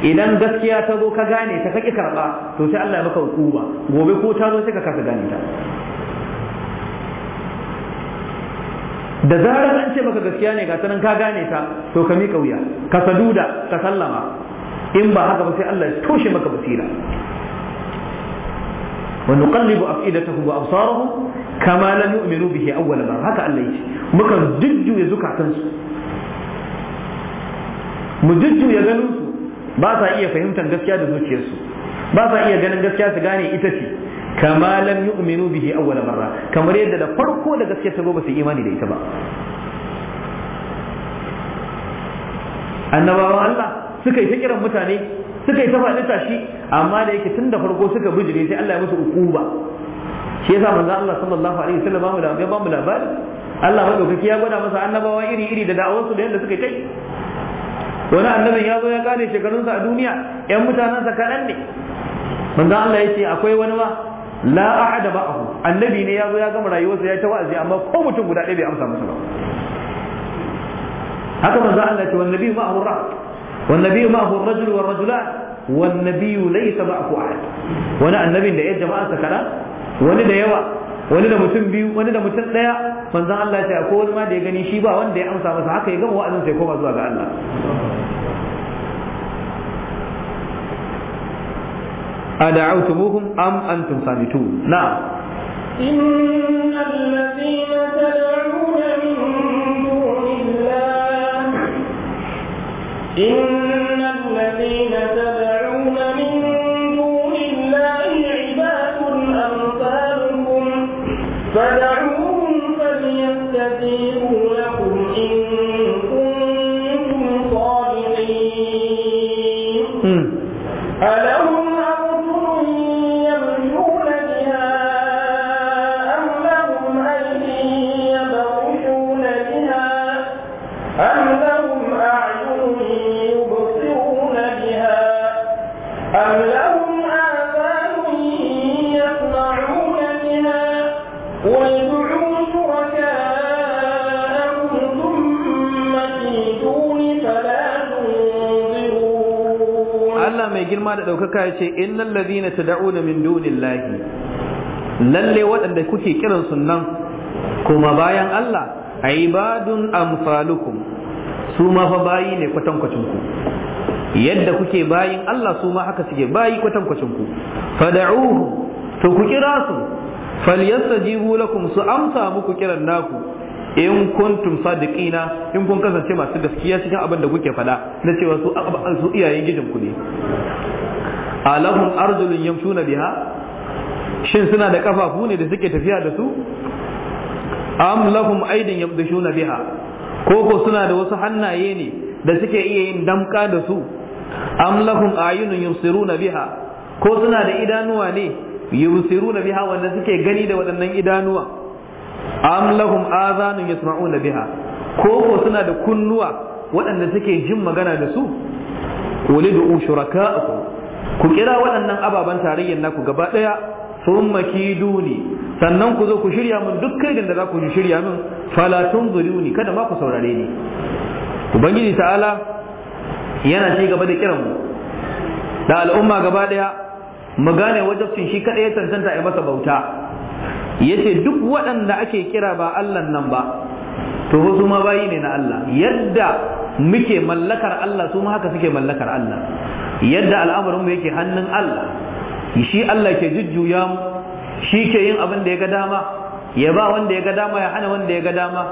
idan gaskiya ta zo ka gane ta kaki karba to sai Allah ya maka hukuma gobe ko ta zo sai ka kasa gane ta da zarar an ce maka gaskiya ne ga sanan ka gane ta to ka miƙa wuya ka saduda ka sallama in ba haka ba sai Allah ya toshe maka basira wa nuqallibu afidatahum wa absarahum kama lam yu'minu bihi awwal mar haka Allah yake muka jujjuya zukatan su mu jujjuya ganin ba sa iya fahimtar gaskiya da zuciyarsu ba sa iya ganin gaskiya su gane ita ce kama lam yu'minu bihi awwal marra kamar yadda da farko da gaskiya ta zo ba su imani da ita ba annabawan Allah suka yi ta kiran mutane suka yi ta faɗi tashi amma da yake tun da farko suka bijire sai Allah ya musu ukuba shi yasa manzo Allah sallallahu alaihi wasallam bamu da ya bamu labari Allah madaukaki ya gwada masa annabawa iri iri da su da yadda suka kai wani annabin ya zo ya kare shekarunsa a duniya yan sa kadan ne manzo Allah ya ce akwai wani ma la ahada ba'ahu annabi ne ya zo ya gama rayuwarsa ya ta wa'azi amma ko mutum guda ɗaya bai amsa masa ba haka manzo Allah yace ce wan nabiyyu ma'ahu rah wan nabiyyu ma'ahu ar-rajul wal rajulat wan nabiyyu laysa ba'ahu ahad wani annabin da ya jama'a sa kaɗan wani da yawa wani da mutum biyu wani da mutum manzon Allah ya ce ko wani ma da ya gani shi ba wanda ya amsa masa haka ya gama wa'azin sai koma zuwa ga Allah أدعوتموهم أم أنتم صامتون نعم إن الذين تدعون من دون الله إن بڑا girma da ɗaukaka ya ce innal ladhina tad'una min dunillahi lalle waɗanda kuke kiran sunan kuma bayan Allah ibadun amsalukum su ma fa bayi ne kwatankwacin ku yadda kuke bayin Allah su ma haka suke bayi kwatankwacin ku fad'uhu to ku kira su falyastajibu lakum su amsa muku kiran naku in kuntum sadiqina in kun kasance masu gaskiya cikin abin da kuke faɗa na cewa su iyayen gidan ku ne alahum arjulun yamshuna biha shin suna da kafafu ne da suke tafiya da su am lahum aidin yamdushuna biha ko ko suna da wasu hannaye ne da suke iya yin damka da su am lahum ayunun yusiruna biha ko suna da idanuwa ne yusiruna biha wanda suke gani da waɗannan idanuwa am lahum azanun yasma'una biha ko ko suna da kunnuwa waɗanda suke jin magana da su walidu shuraka'akum ku kira waɗannan ababen tarayyar naku gaba ɗaya sun ne sannan ku zo ku shirya min duk kaidan da za ku shirya min falatun ne kada ma ku saurare ni ubangiji ta'ala yana ci gaba da kiranmu da al'umma gaba ɗaya mu gane wajabcin shi kaɗai ya tantanta a masa bauta yace duk waɗanda ake kira ba Allah nan ba to su ma bayi ne na Allah yadda muke mallakar Allah su ma haka suke mallakar Allah yadda al'amarin mu yake hannun Allah shi Allah ke jujjuya mu shi ke yin abin da ya ga dama ya ba wanda ya ga dama ya hana wanda ya ga dama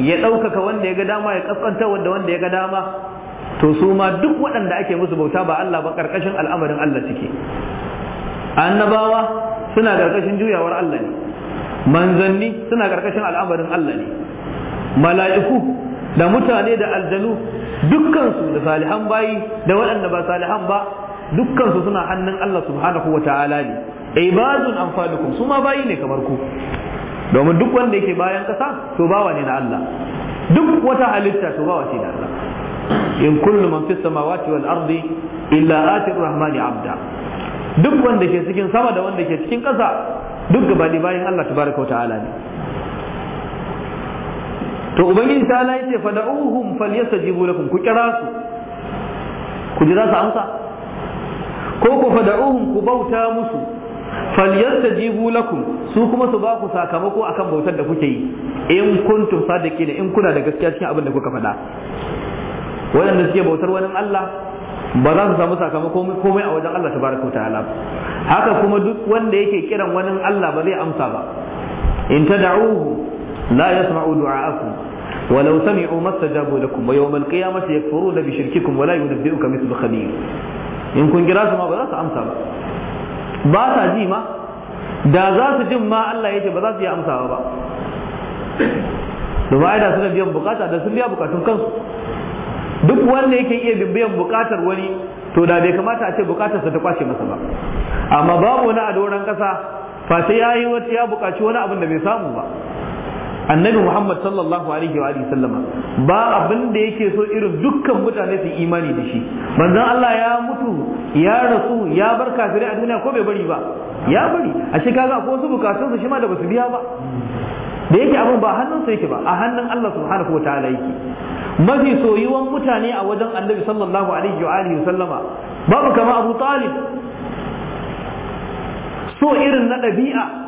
ya ɗaukaka wanda ya ga dama ya ƙasƙanta wanda wanda ya ga dama to su ma duk waɗanda ake musu bauta ba Allah ba ƙarƙashin al'amarin Allah suke annabawa suna ƙarƙashin juyawar Allah ne manzanni suna ƙarƙashin al'amarin Allah ne mala'iku da mutane da aljanu dukkansu da salihan bayi da waɗanda ba salihan ba dukkansu suna hannun Allah subhanahu wa ta'ala ne ibadun amfalukum su ma bayi ne kamar ku domin duk wanda yake bayan ƙasa to bawa ne na Allah duk wata halitta to bawa ce na Allah in kullu man fis samawati wal ardi illa atir rahmani abda duk wanda ke cikin sama da wanda ke cikin ƙasa duk gaba bayan Allah tabaraka wa ta'ala ne to ubangiji ta ala yace fa da'uhum falyastajibu lakum ku kira su ku jira su amsa ko ku fa da'uhum ku bauta musu falyastajibu lakum su kuma su ba ku sakamako akan bautar da kuke yi in kuntum sadiqina in kuna da gaskiya cikin abin da kuka faɗa da suke bautar wani Allah ba za su samu sakamako komai a wajen Allah tabaraka wa ta'ala haka kuma duk wanda yake kiran wani Allah ba zai amsa ba in tad'uhu la yasma'u du'a'akum ولو سمعوا ما استجابوا لكم ويوم القيامة يكفرون بشرككم ولا ينبئك مثل خبير in kun kira su ma ba za su amsa ba ba sa ji ma da za su jin ma Allah ya ce ba za su yi amsawa ba domin suna biyan bukata da sun biya bukatun kansu duk wanda yake iya biyan bukatar wani to da bai kamata a ce su ta kwace masa ba amma babu wani a ƙasa, kasa fa ya yi wata ya bukaci wani abin da bai samu ba annabi Muhammad sallallahu alaihi wa sallama ba abin da yake so irin dukkan mutane su imani da shi manzon Allah ya mutu ya rasu ya bar kafirai a duniya ko bai bari ba ya bari a shi kaga akwai wasu bukatun su shi ma da basu biya ba da yake abin ba hannun su yake ba a hannun Allah subhanahu wa ta'ala yake mafi soyuwan mutane a wajen annabi sallallahu alaihi wa alihi sallama babu kama Abu Talib so irin na ɗabi'a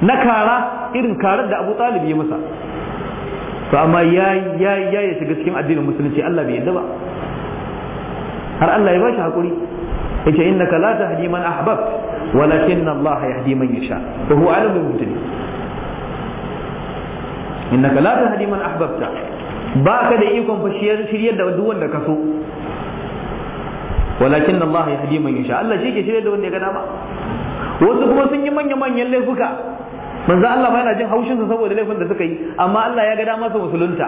na kara irin karar da abu talib ya masa to amma ya ya ya ya shiga cikin addinin musulunci Allah bai yadda ba har Allah ya bashi hakuri yace innaka la tahdi hadiman ahbab? walakin na Allah ya hadiman ya sha, fa huwa alimul muhtadi innaka la tahdi man ahbabta ka da ikon fa shiryar da duk wanda ka so walakin na Allah ya hadiman ya sha, Allah shi ke shiryar da wanda ya ga dama wasu kuma sun yi manya manyan laifuka manzo Allah ba yana jin haushinsa saboda laifin da suka yi amma Allah ya ga dama su musulunta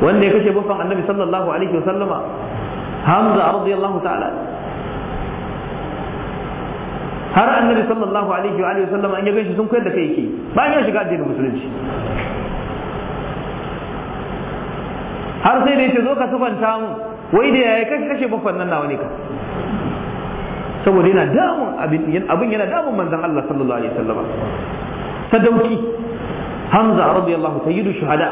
wanda ya kashe baffan annabi sallallahu alaihi wasallama hamza radiyallahu ta'ala har annabi sallallahu alaihi wa alihi wasallama an yi gaishe sun koyar da kai yake bayan ya shiga addinin musulunci har sai da yace zo ka sufanta mu wai da yaya kake kashe baffan nan nawa ne ka saboda yana damun abin yana damun manzon Allah sallallahu alaihi wasallam sadauki hamza radiyallahu sayyidu Shahada.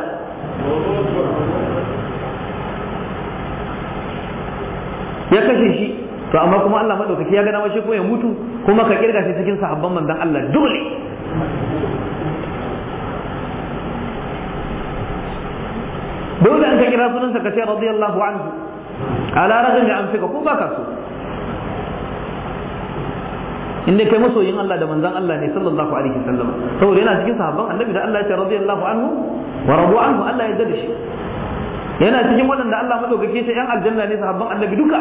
ya kashe shi to amma kuma Allah madaukaki ya gana dama shi ko ya mutu kuma ka kirga shi cikin sahabban manzon Allah dole dole an ka kira sunansa ka ce radiyallahu anhu ala rajin da an fi ko ba ka so in dai kai masoyin Allah da manzan Allah ne sallallahu alaihi wasallam saboda yana cikin sahabban annabi da Allah ya ce radiyallahu anhu wa radu anhu Allah ya yarda shi yana cikin waɗanda Allah madaukake shi yan aljanna ne sahabban annabi duka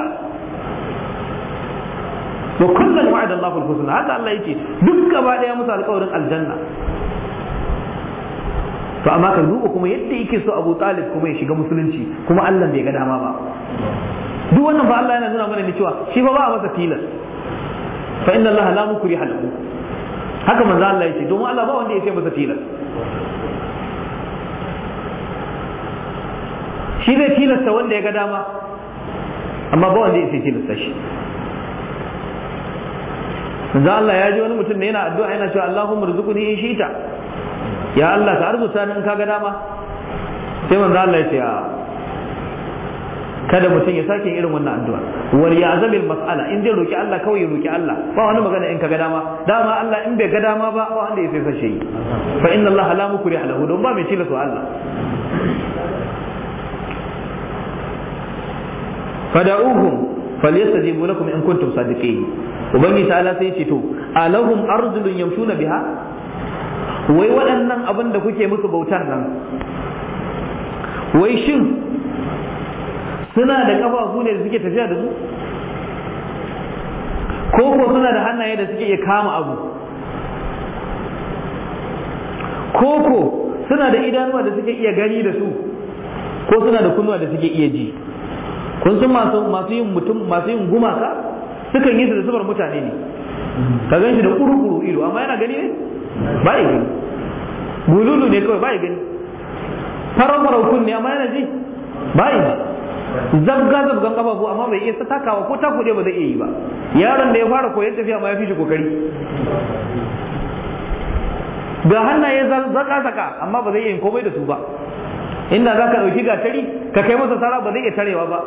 to kullun wa'ada Allahu al-husna haka Allah yake duk gaba daya musu alƙawarin aljanna to amma ka duba kuma yadda yake so Abu Talib kuma ya shiga musulunci kuma Allah bai ga dama ba duk wannan fa Allah yana nuna mana ne cewa shi fa ba a masa tilas fa inna allaha la mukriha lahu haka manzo Allah ya ce domin Allah ba wanda ya ce masa tilas shi zai tilasta wanda ya ga dama amma ba wanda ya sai tilasta shi manzo Allah ya ji wani mutum ne yana addu'a yana cewa Allahumma rzuqni in shita ya Allah ka arzuta nan ka ga dama sai manzo Allah ya ce kada mutum ya sake irin wannan addu'a wal ya'zamil mas'ala in zai roki Allah kawai ya roki Allah ba wani magana in ka ga dama dama Allah in bai ga dama ba ba wanda ya sai sace yi fa inna Allah la mukriha lahu don ba mai tilasta Allah fada'uhum falyastajibu lakum in kuntum sadiqin ubangi ta'ala sai ce to alahum arzulun yamshuna biha wai waɗannan abin da kuke musu bautar nan wai shin suna da ƙafafu ne da suke tafiya da su ko ko suna da hannaye da suke iya kama abu ko ko suna da idanuwa da suke iya gani da su ko suna da kunnuwa da suke iya ji kun san masu masu yin mutum masu yin gumaka sukan yi su da sabar mutane ne ka gan shi da kuru-kuru ido amma yana gani ne ba ya gani bululu ne kawai ba ya gani Farar farau kunne amma yana ji ba ya gani zabga zabgan kafafu amma bai iya takawa ko takuɗe ba zai iya yi ba yaron da ya fara koyon tafiya ma ya fi shi kokari ga hannaye zaka zaka amma ba zai iya yin komai da su ba inda za ka ɗauki gatari ka kai masa sara ba zai iya tarewa ba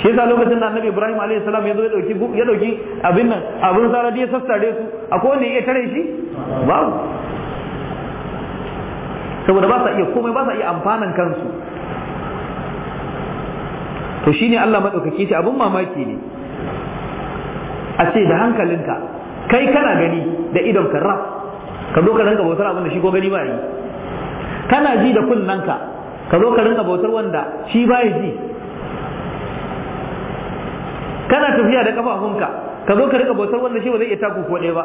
shi yasa lokacin da annabi ibrahim alayhi salam ya zo ya dauki ya dauki abin nan abin sara da ya sassare su akwai wanda ya tare shi babu saboda ba sa iya komai ba sa iya amfanan kansu to shine Allah madaukake shi abun mamaki ne a ce da hankalinka kai kana gani da idon ka ka zo ka rinka bautar abin da shi ko gani ba yi kana ji da kunnanka ka zo ka rinka bautar wanda shi ba ji kana tafiya da kafafunka ka zo ka rinka bautar wanda shi ba zai iya taku ko ɗaya ba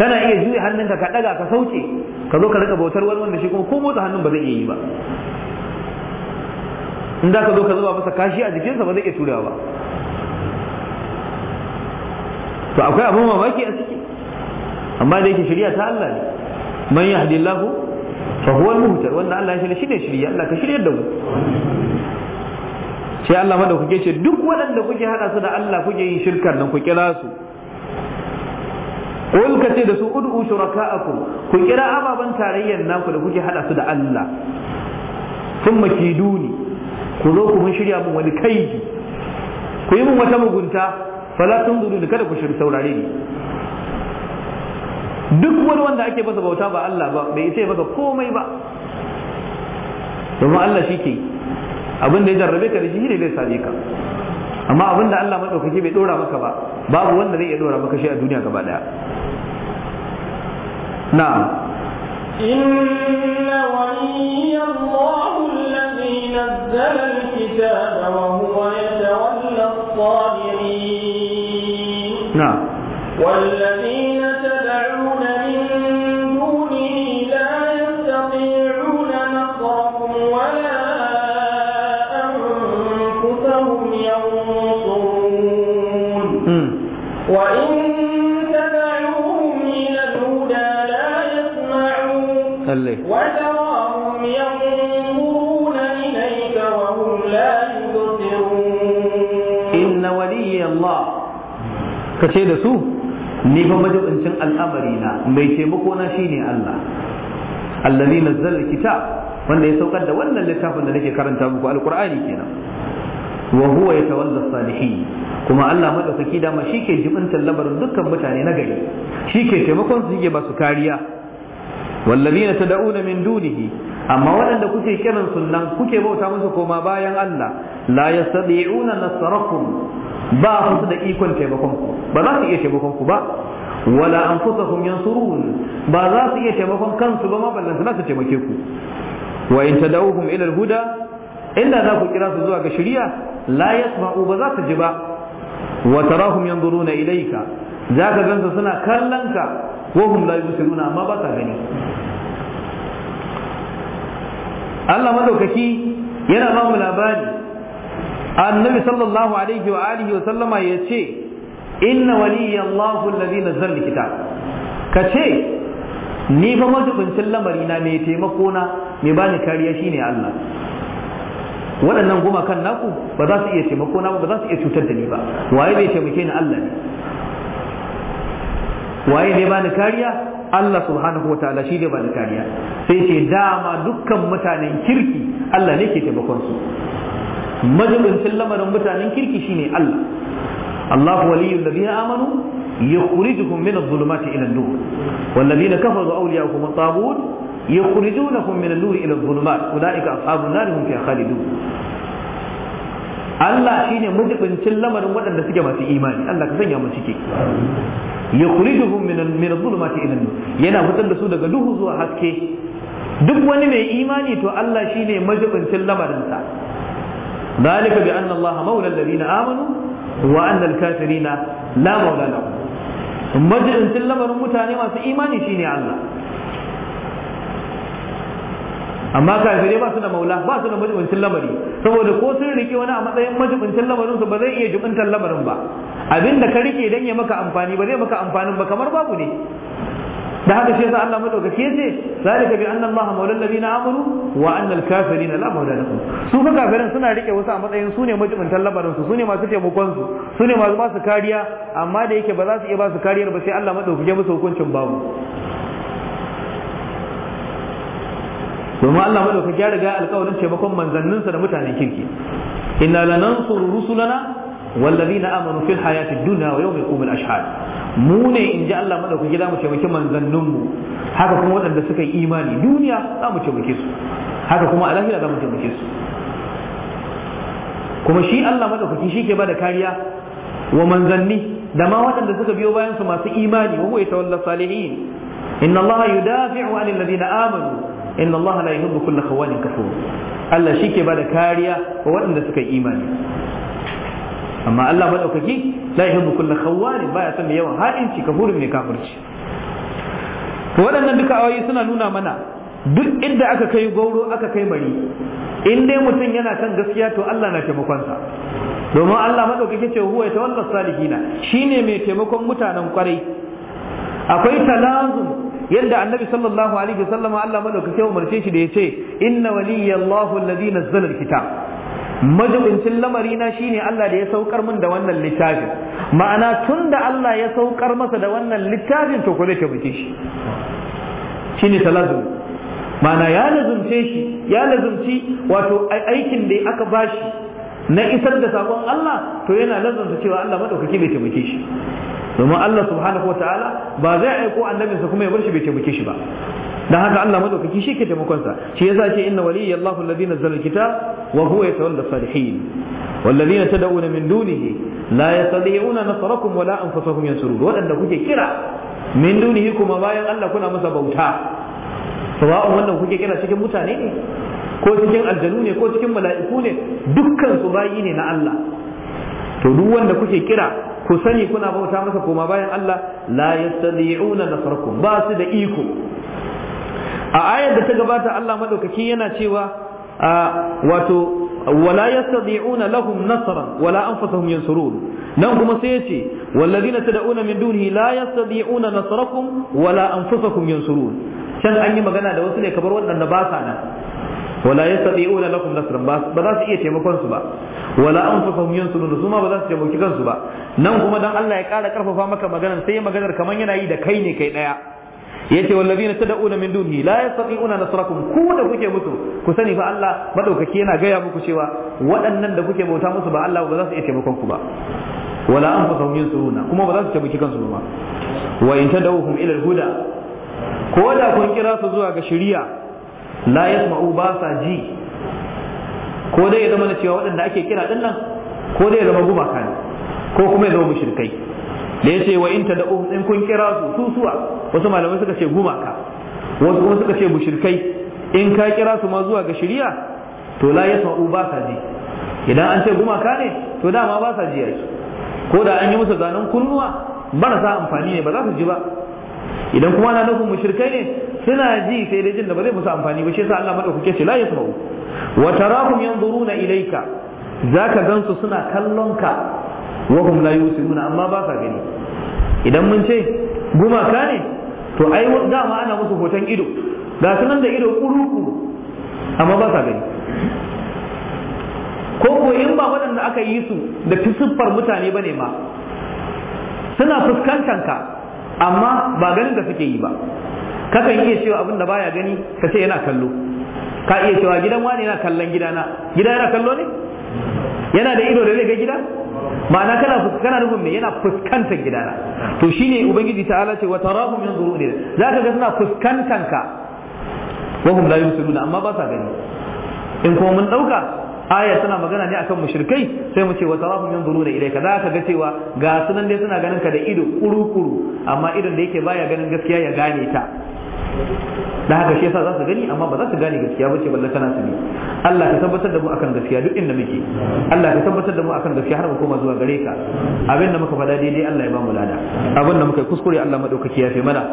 kana iya juya hannunka ka daga ka sauke ka zo ka rika bautar wani wanda shi kuma ko motsa hannun ba zai iya yi ba in da ka zo ka zuba masa kashi a jikinsa ba zai iya turawa ba to akwai abin mamaki a ciki amma da yake shirya ta Allah ne man yahdillahu fa huwa al-muhtad wanda Allah ya shirya shi ne shirya Allah ka shirya da mu sai Allah madaukake ce duk waɗanda kuke hada su da Allah kuke yin shirkar nan ku kira su qul ka ce da su ud'u shuraka'akum ku kira ababan tarayyan naku da kuke haɗa su da Allah thumma kiduni ku zo ku mun shirya mun wani kaiji ku yi mun wata mugunta fala tunzuru kada ku shirya saurare ni duk wani wanda ake baza bauta ba Allah ba bai isa masa komai ba domin Allah shi ke abin da ya jarrabe ka da shi ne zai same ka amma abin da Allah maɗaukaki bai ɗora maka ba babu wanda zai iya ɗora maka shi a duniya gaba ɗaya na inna waliyyi Allahu allazi nazzala alkitaba wa huwa yatawalla as-salihin na lalle inna kace da su ni fa majibincin al'amari na mai taimako na shine Allah Allah nina zan kitab wanda ya saukar da wannan littafin da nake karanta muku alqur'ani kenan wa huwa yatawalla salihin kuma Allah madaukaki dama shi shike jibintar labarin dukkan mutane nagari, shi shike taimakon su yake ba su kariya wallazina tad'una min dunihi amma waɗanda kuke kiran nan kuke bauta musu koma bayan Allah la yastati'una nasrakum ba su da ikon taimakon ku ba za su iya taimakon ku ba wala anfusahum yansurun ba za su iya taimakon kansu ba ma ballan su taimake ku wa in tad'uhum ila al-huda inda za ku kira su zuwa ga shari'a la yasma'u ba za su ji ba wa tarahum yanzuruna ilayka za ka gansa suna kallon ka ko hum la yusiruna amma ba ka gani Allah madaukaki yana ba mu labari annabi sallallahu alaihi wa alihi wa sallama yace inna waliyallahu alladhi nazzala ka kace ni fa mutubin lamari na me taimako na mai bani kariya shine Allah waɗannan gumakan naku ba za su iya taimako na ba za su iya cutar da ni ba waye bai taimake ni Allah ne waye ne bani kariya Allah subhanahu wa shi ne bani kariya sai ce dama dukkan mutanen kirki Allah ne ke taimakon su majibincin lamarin mutanen kirki shine Allah Allah waliyul ladina amanu yukhrijuhum min adh-dhulumati ila an-nur wal ladina kafaru awliya'uhum at-taghut yukhrijunahum min an-nur ila adh-dhulumat ulaika ashabun nar hum fiha khalidun Allah shine mujibincin lamarin waɗanda suke masu imani Allah ka sanya mu ciki yukhrijuhum min min adh-dhulumati ila an yana fitar da su daga duhu zuwa haske duk wani mai imani to Allah shine majibincin lamarin sa dalika bi anna Allah maula alladhina amanu wa anna al-kafirina la maula lahum majibincin lamarin mutane masu imani shine Allah amma kafirai ba su da maula ba su da majibincin lamari saboda ko sun rike wani a matsayin majibincin lamarin su ba zai iya jibintar lamarin ba abin da ka rike dan ya maka amfani ba zai maka amfanin ba kamar babu ne da haka shi yasa Allah za yace zalika bi anna Allah maula alladhina amanu wa anna al-kafirina la maula lahum su ka kafirin suna rike wasu a matsayin su ne majibantan lamarin su ne masu taimakon su su ne masu basu kariya amma da yake ba za su iya basu kariyar ba sai Allah madaukaki ya musu hukuncin babu domin Allah madaukaki ya riga alƙawarin taimakon manzanninsa da mutanen kirki inna lanansuru rusulana والذين امنوا في الحياه الدنيا ويوم يقوم الاشهاد mu ne in ji Allah madaukaki za mu taimaki manzanninmu haka kuma waɗanda suka yi imani duniya za mu taimake su haka kuma a lahira za mu taimake su kuma shi Allah madaukaki shi ke bada kariya wa manzanni da ma waɗanda suka biyo bayan su masu imani wa huwa yatawalla salihin إن الله يدافع عن الذين آمنوا إن الله لا يحب كل خوان كفور Allah shi ke bada kariya wa waɗanda suka yi imani amma Allah maɗaukaki la yuhibbu kullu khawwani baya son yawan ha'inci kafurin mai kafirci to waɗannan duka ayoyi suna nuna mana duk inda aka kai gauro aka kai mari in dai mutum yana son gaskiya to Allah na taimakonsa domin Allah maɗaukaki ce huwa ya tawalla salihina ne mai taimakon mutanen kwarai akwai talazun yadda annabi sallallahu alaihi wasallam Allah madaukake umarce shi da ya ce, inna waliyallahu alladhi nazzala alkitab majibincin lamari na shine Allah da ya saukar min da wannan littafin ma'ana tunda Allah ya saukar masa da wannan littafin to kula ke buke shi shine talazum ma'ana ya lazumce shi ya lazumci wato aikin da aka bashi na isar da sakon Allah to yana lazumta cewa Allah madaukake bai taimake shi domin Allah subhanahu wa ta'ala ba zai aiko annabinsa kuma ya bar shi bai taimake shi ba dan haka Allah madaukaki shi ke taimakonsa shi yasa ce inna waliyya Allahu alladhi nazzala alkitab wa huwa yatawalla salihin walladhina tad'una min dunihi la yastati'una nasrakum wa anfusahum yansurun wadanda kuke kira min dunihi kuma bayan Allah kuna masa bauta sawa'un wannan kuke kira cikin mutane ne ko cikin aljanu ne ko cikin mala'iku ne dukkan su bayi ne na Allah to duk wanda kuke kira ku sani kuna bauta masa koma bayan Allah la yastadi'una nasrakum ba su da iko a ayar da ta gabata Allah madaukaki yana cewa wato wala yastadi'una lahum nasran wala anfusahum yansurun nan kuma sai yace walladhina tad'una min dunihi la yastadi'una nasrakum wala anfusahum yansurun can an yi magana da wasu ne kamar waɗanda ba sa nan wala yastati'una lakum nasran ba ba za su iya taimakon su ba wala anfusahum yansurun su ba za su taimaki kansu ba nan kuma dan Allah ya kara karfafa maka magana sai maganar kamar yana yi da kai ne kai daya yace wallazina tad'una min dunihi la yastati'una nasrakum ku da kuke musu ku sani fa Allah madaukaki yana gaya muku cewa waɗannan da kuke bauta musu ba Allah za su iya taimakon ba wala kuma ba za su taimaki wa in huda ko da kun kira su zuwa ga la yasma'u ba sa ji ko dai ya zama da cewa waɗanda ake kira din nan ko dai ya zama gumaka ne ko kuma ya zama mushrikai da yace wa in tad'u in kun kira su su suwa wasu malamai suka ce gumaka wasu kuma suka ce mushrikai in ka kira su ma zuwa ga shari'a to la yasma'u ba sa ji idan an ce gumaka ne to dama ba sa ji ko da an yi musu zanen kunnuwa ba sa amfani ne ba za su ji ba idan kuma na nufin mushrikai ne suna ji sai dai jin da ba zai musu amfani ba shi yasa Allah madaukake ce la yasma'u wa tarahum yanzuruna ilayka zaka gansu suna kallon ka wa hum la yusiruna amma ba ka gani idan mun ce gumaka ne to ai dama ana musu hoton ido ga sunan da ido kuru-kuru amma ba sa gani ko ko in ba waɗanda aka yi su da siffar mutane ba ne ma suna fuskantanka amma ba ganin da suke yi ba kakan iya cewa abin da baya gani ka ce yana kallo ka iya cewa gidan wani yana kallon gidana gida yana kallo ne yana da ido da zai ga gida ma'ana kana kana nufin me yana fuskantar gidana to shine ubangiji ta ce wa tarahu min zuruni zaka ga suna fuskantar ka wa hum la yusiruna amma ba sa gani in kuma mun dauka Aya tana magana ne akan mushrikai sai mu ce wa tarahum yanzuruna ilayka za ka ga cewa ga sunan dai suna ganin ka da ido kurukuru kuru amma idon da yake baya ganin gaskiya ya gane ta da haka shi yasa za su gani amma ba za su gane gaskiya ba ce balla tana su ne Allah ka tabbatar da mu akan gaskiya duk inda muke Allah ka tabbatar da mu akan gaskiya har mu koma zuwa gare ka abin da muka faɗa daidai Allah ya ba mu lada abin da muka kuskure Allah madaukaki ya fi mana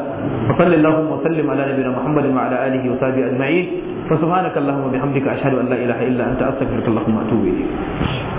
fa sallallahu wa sallim ala nabiyina muhammadin wa ala alihi wa sahbihi ajma'in فسبحانك اللهم وبحمدك أشهد أن لا إله إلا أنت أستغفرك اللهم وأتوب إليك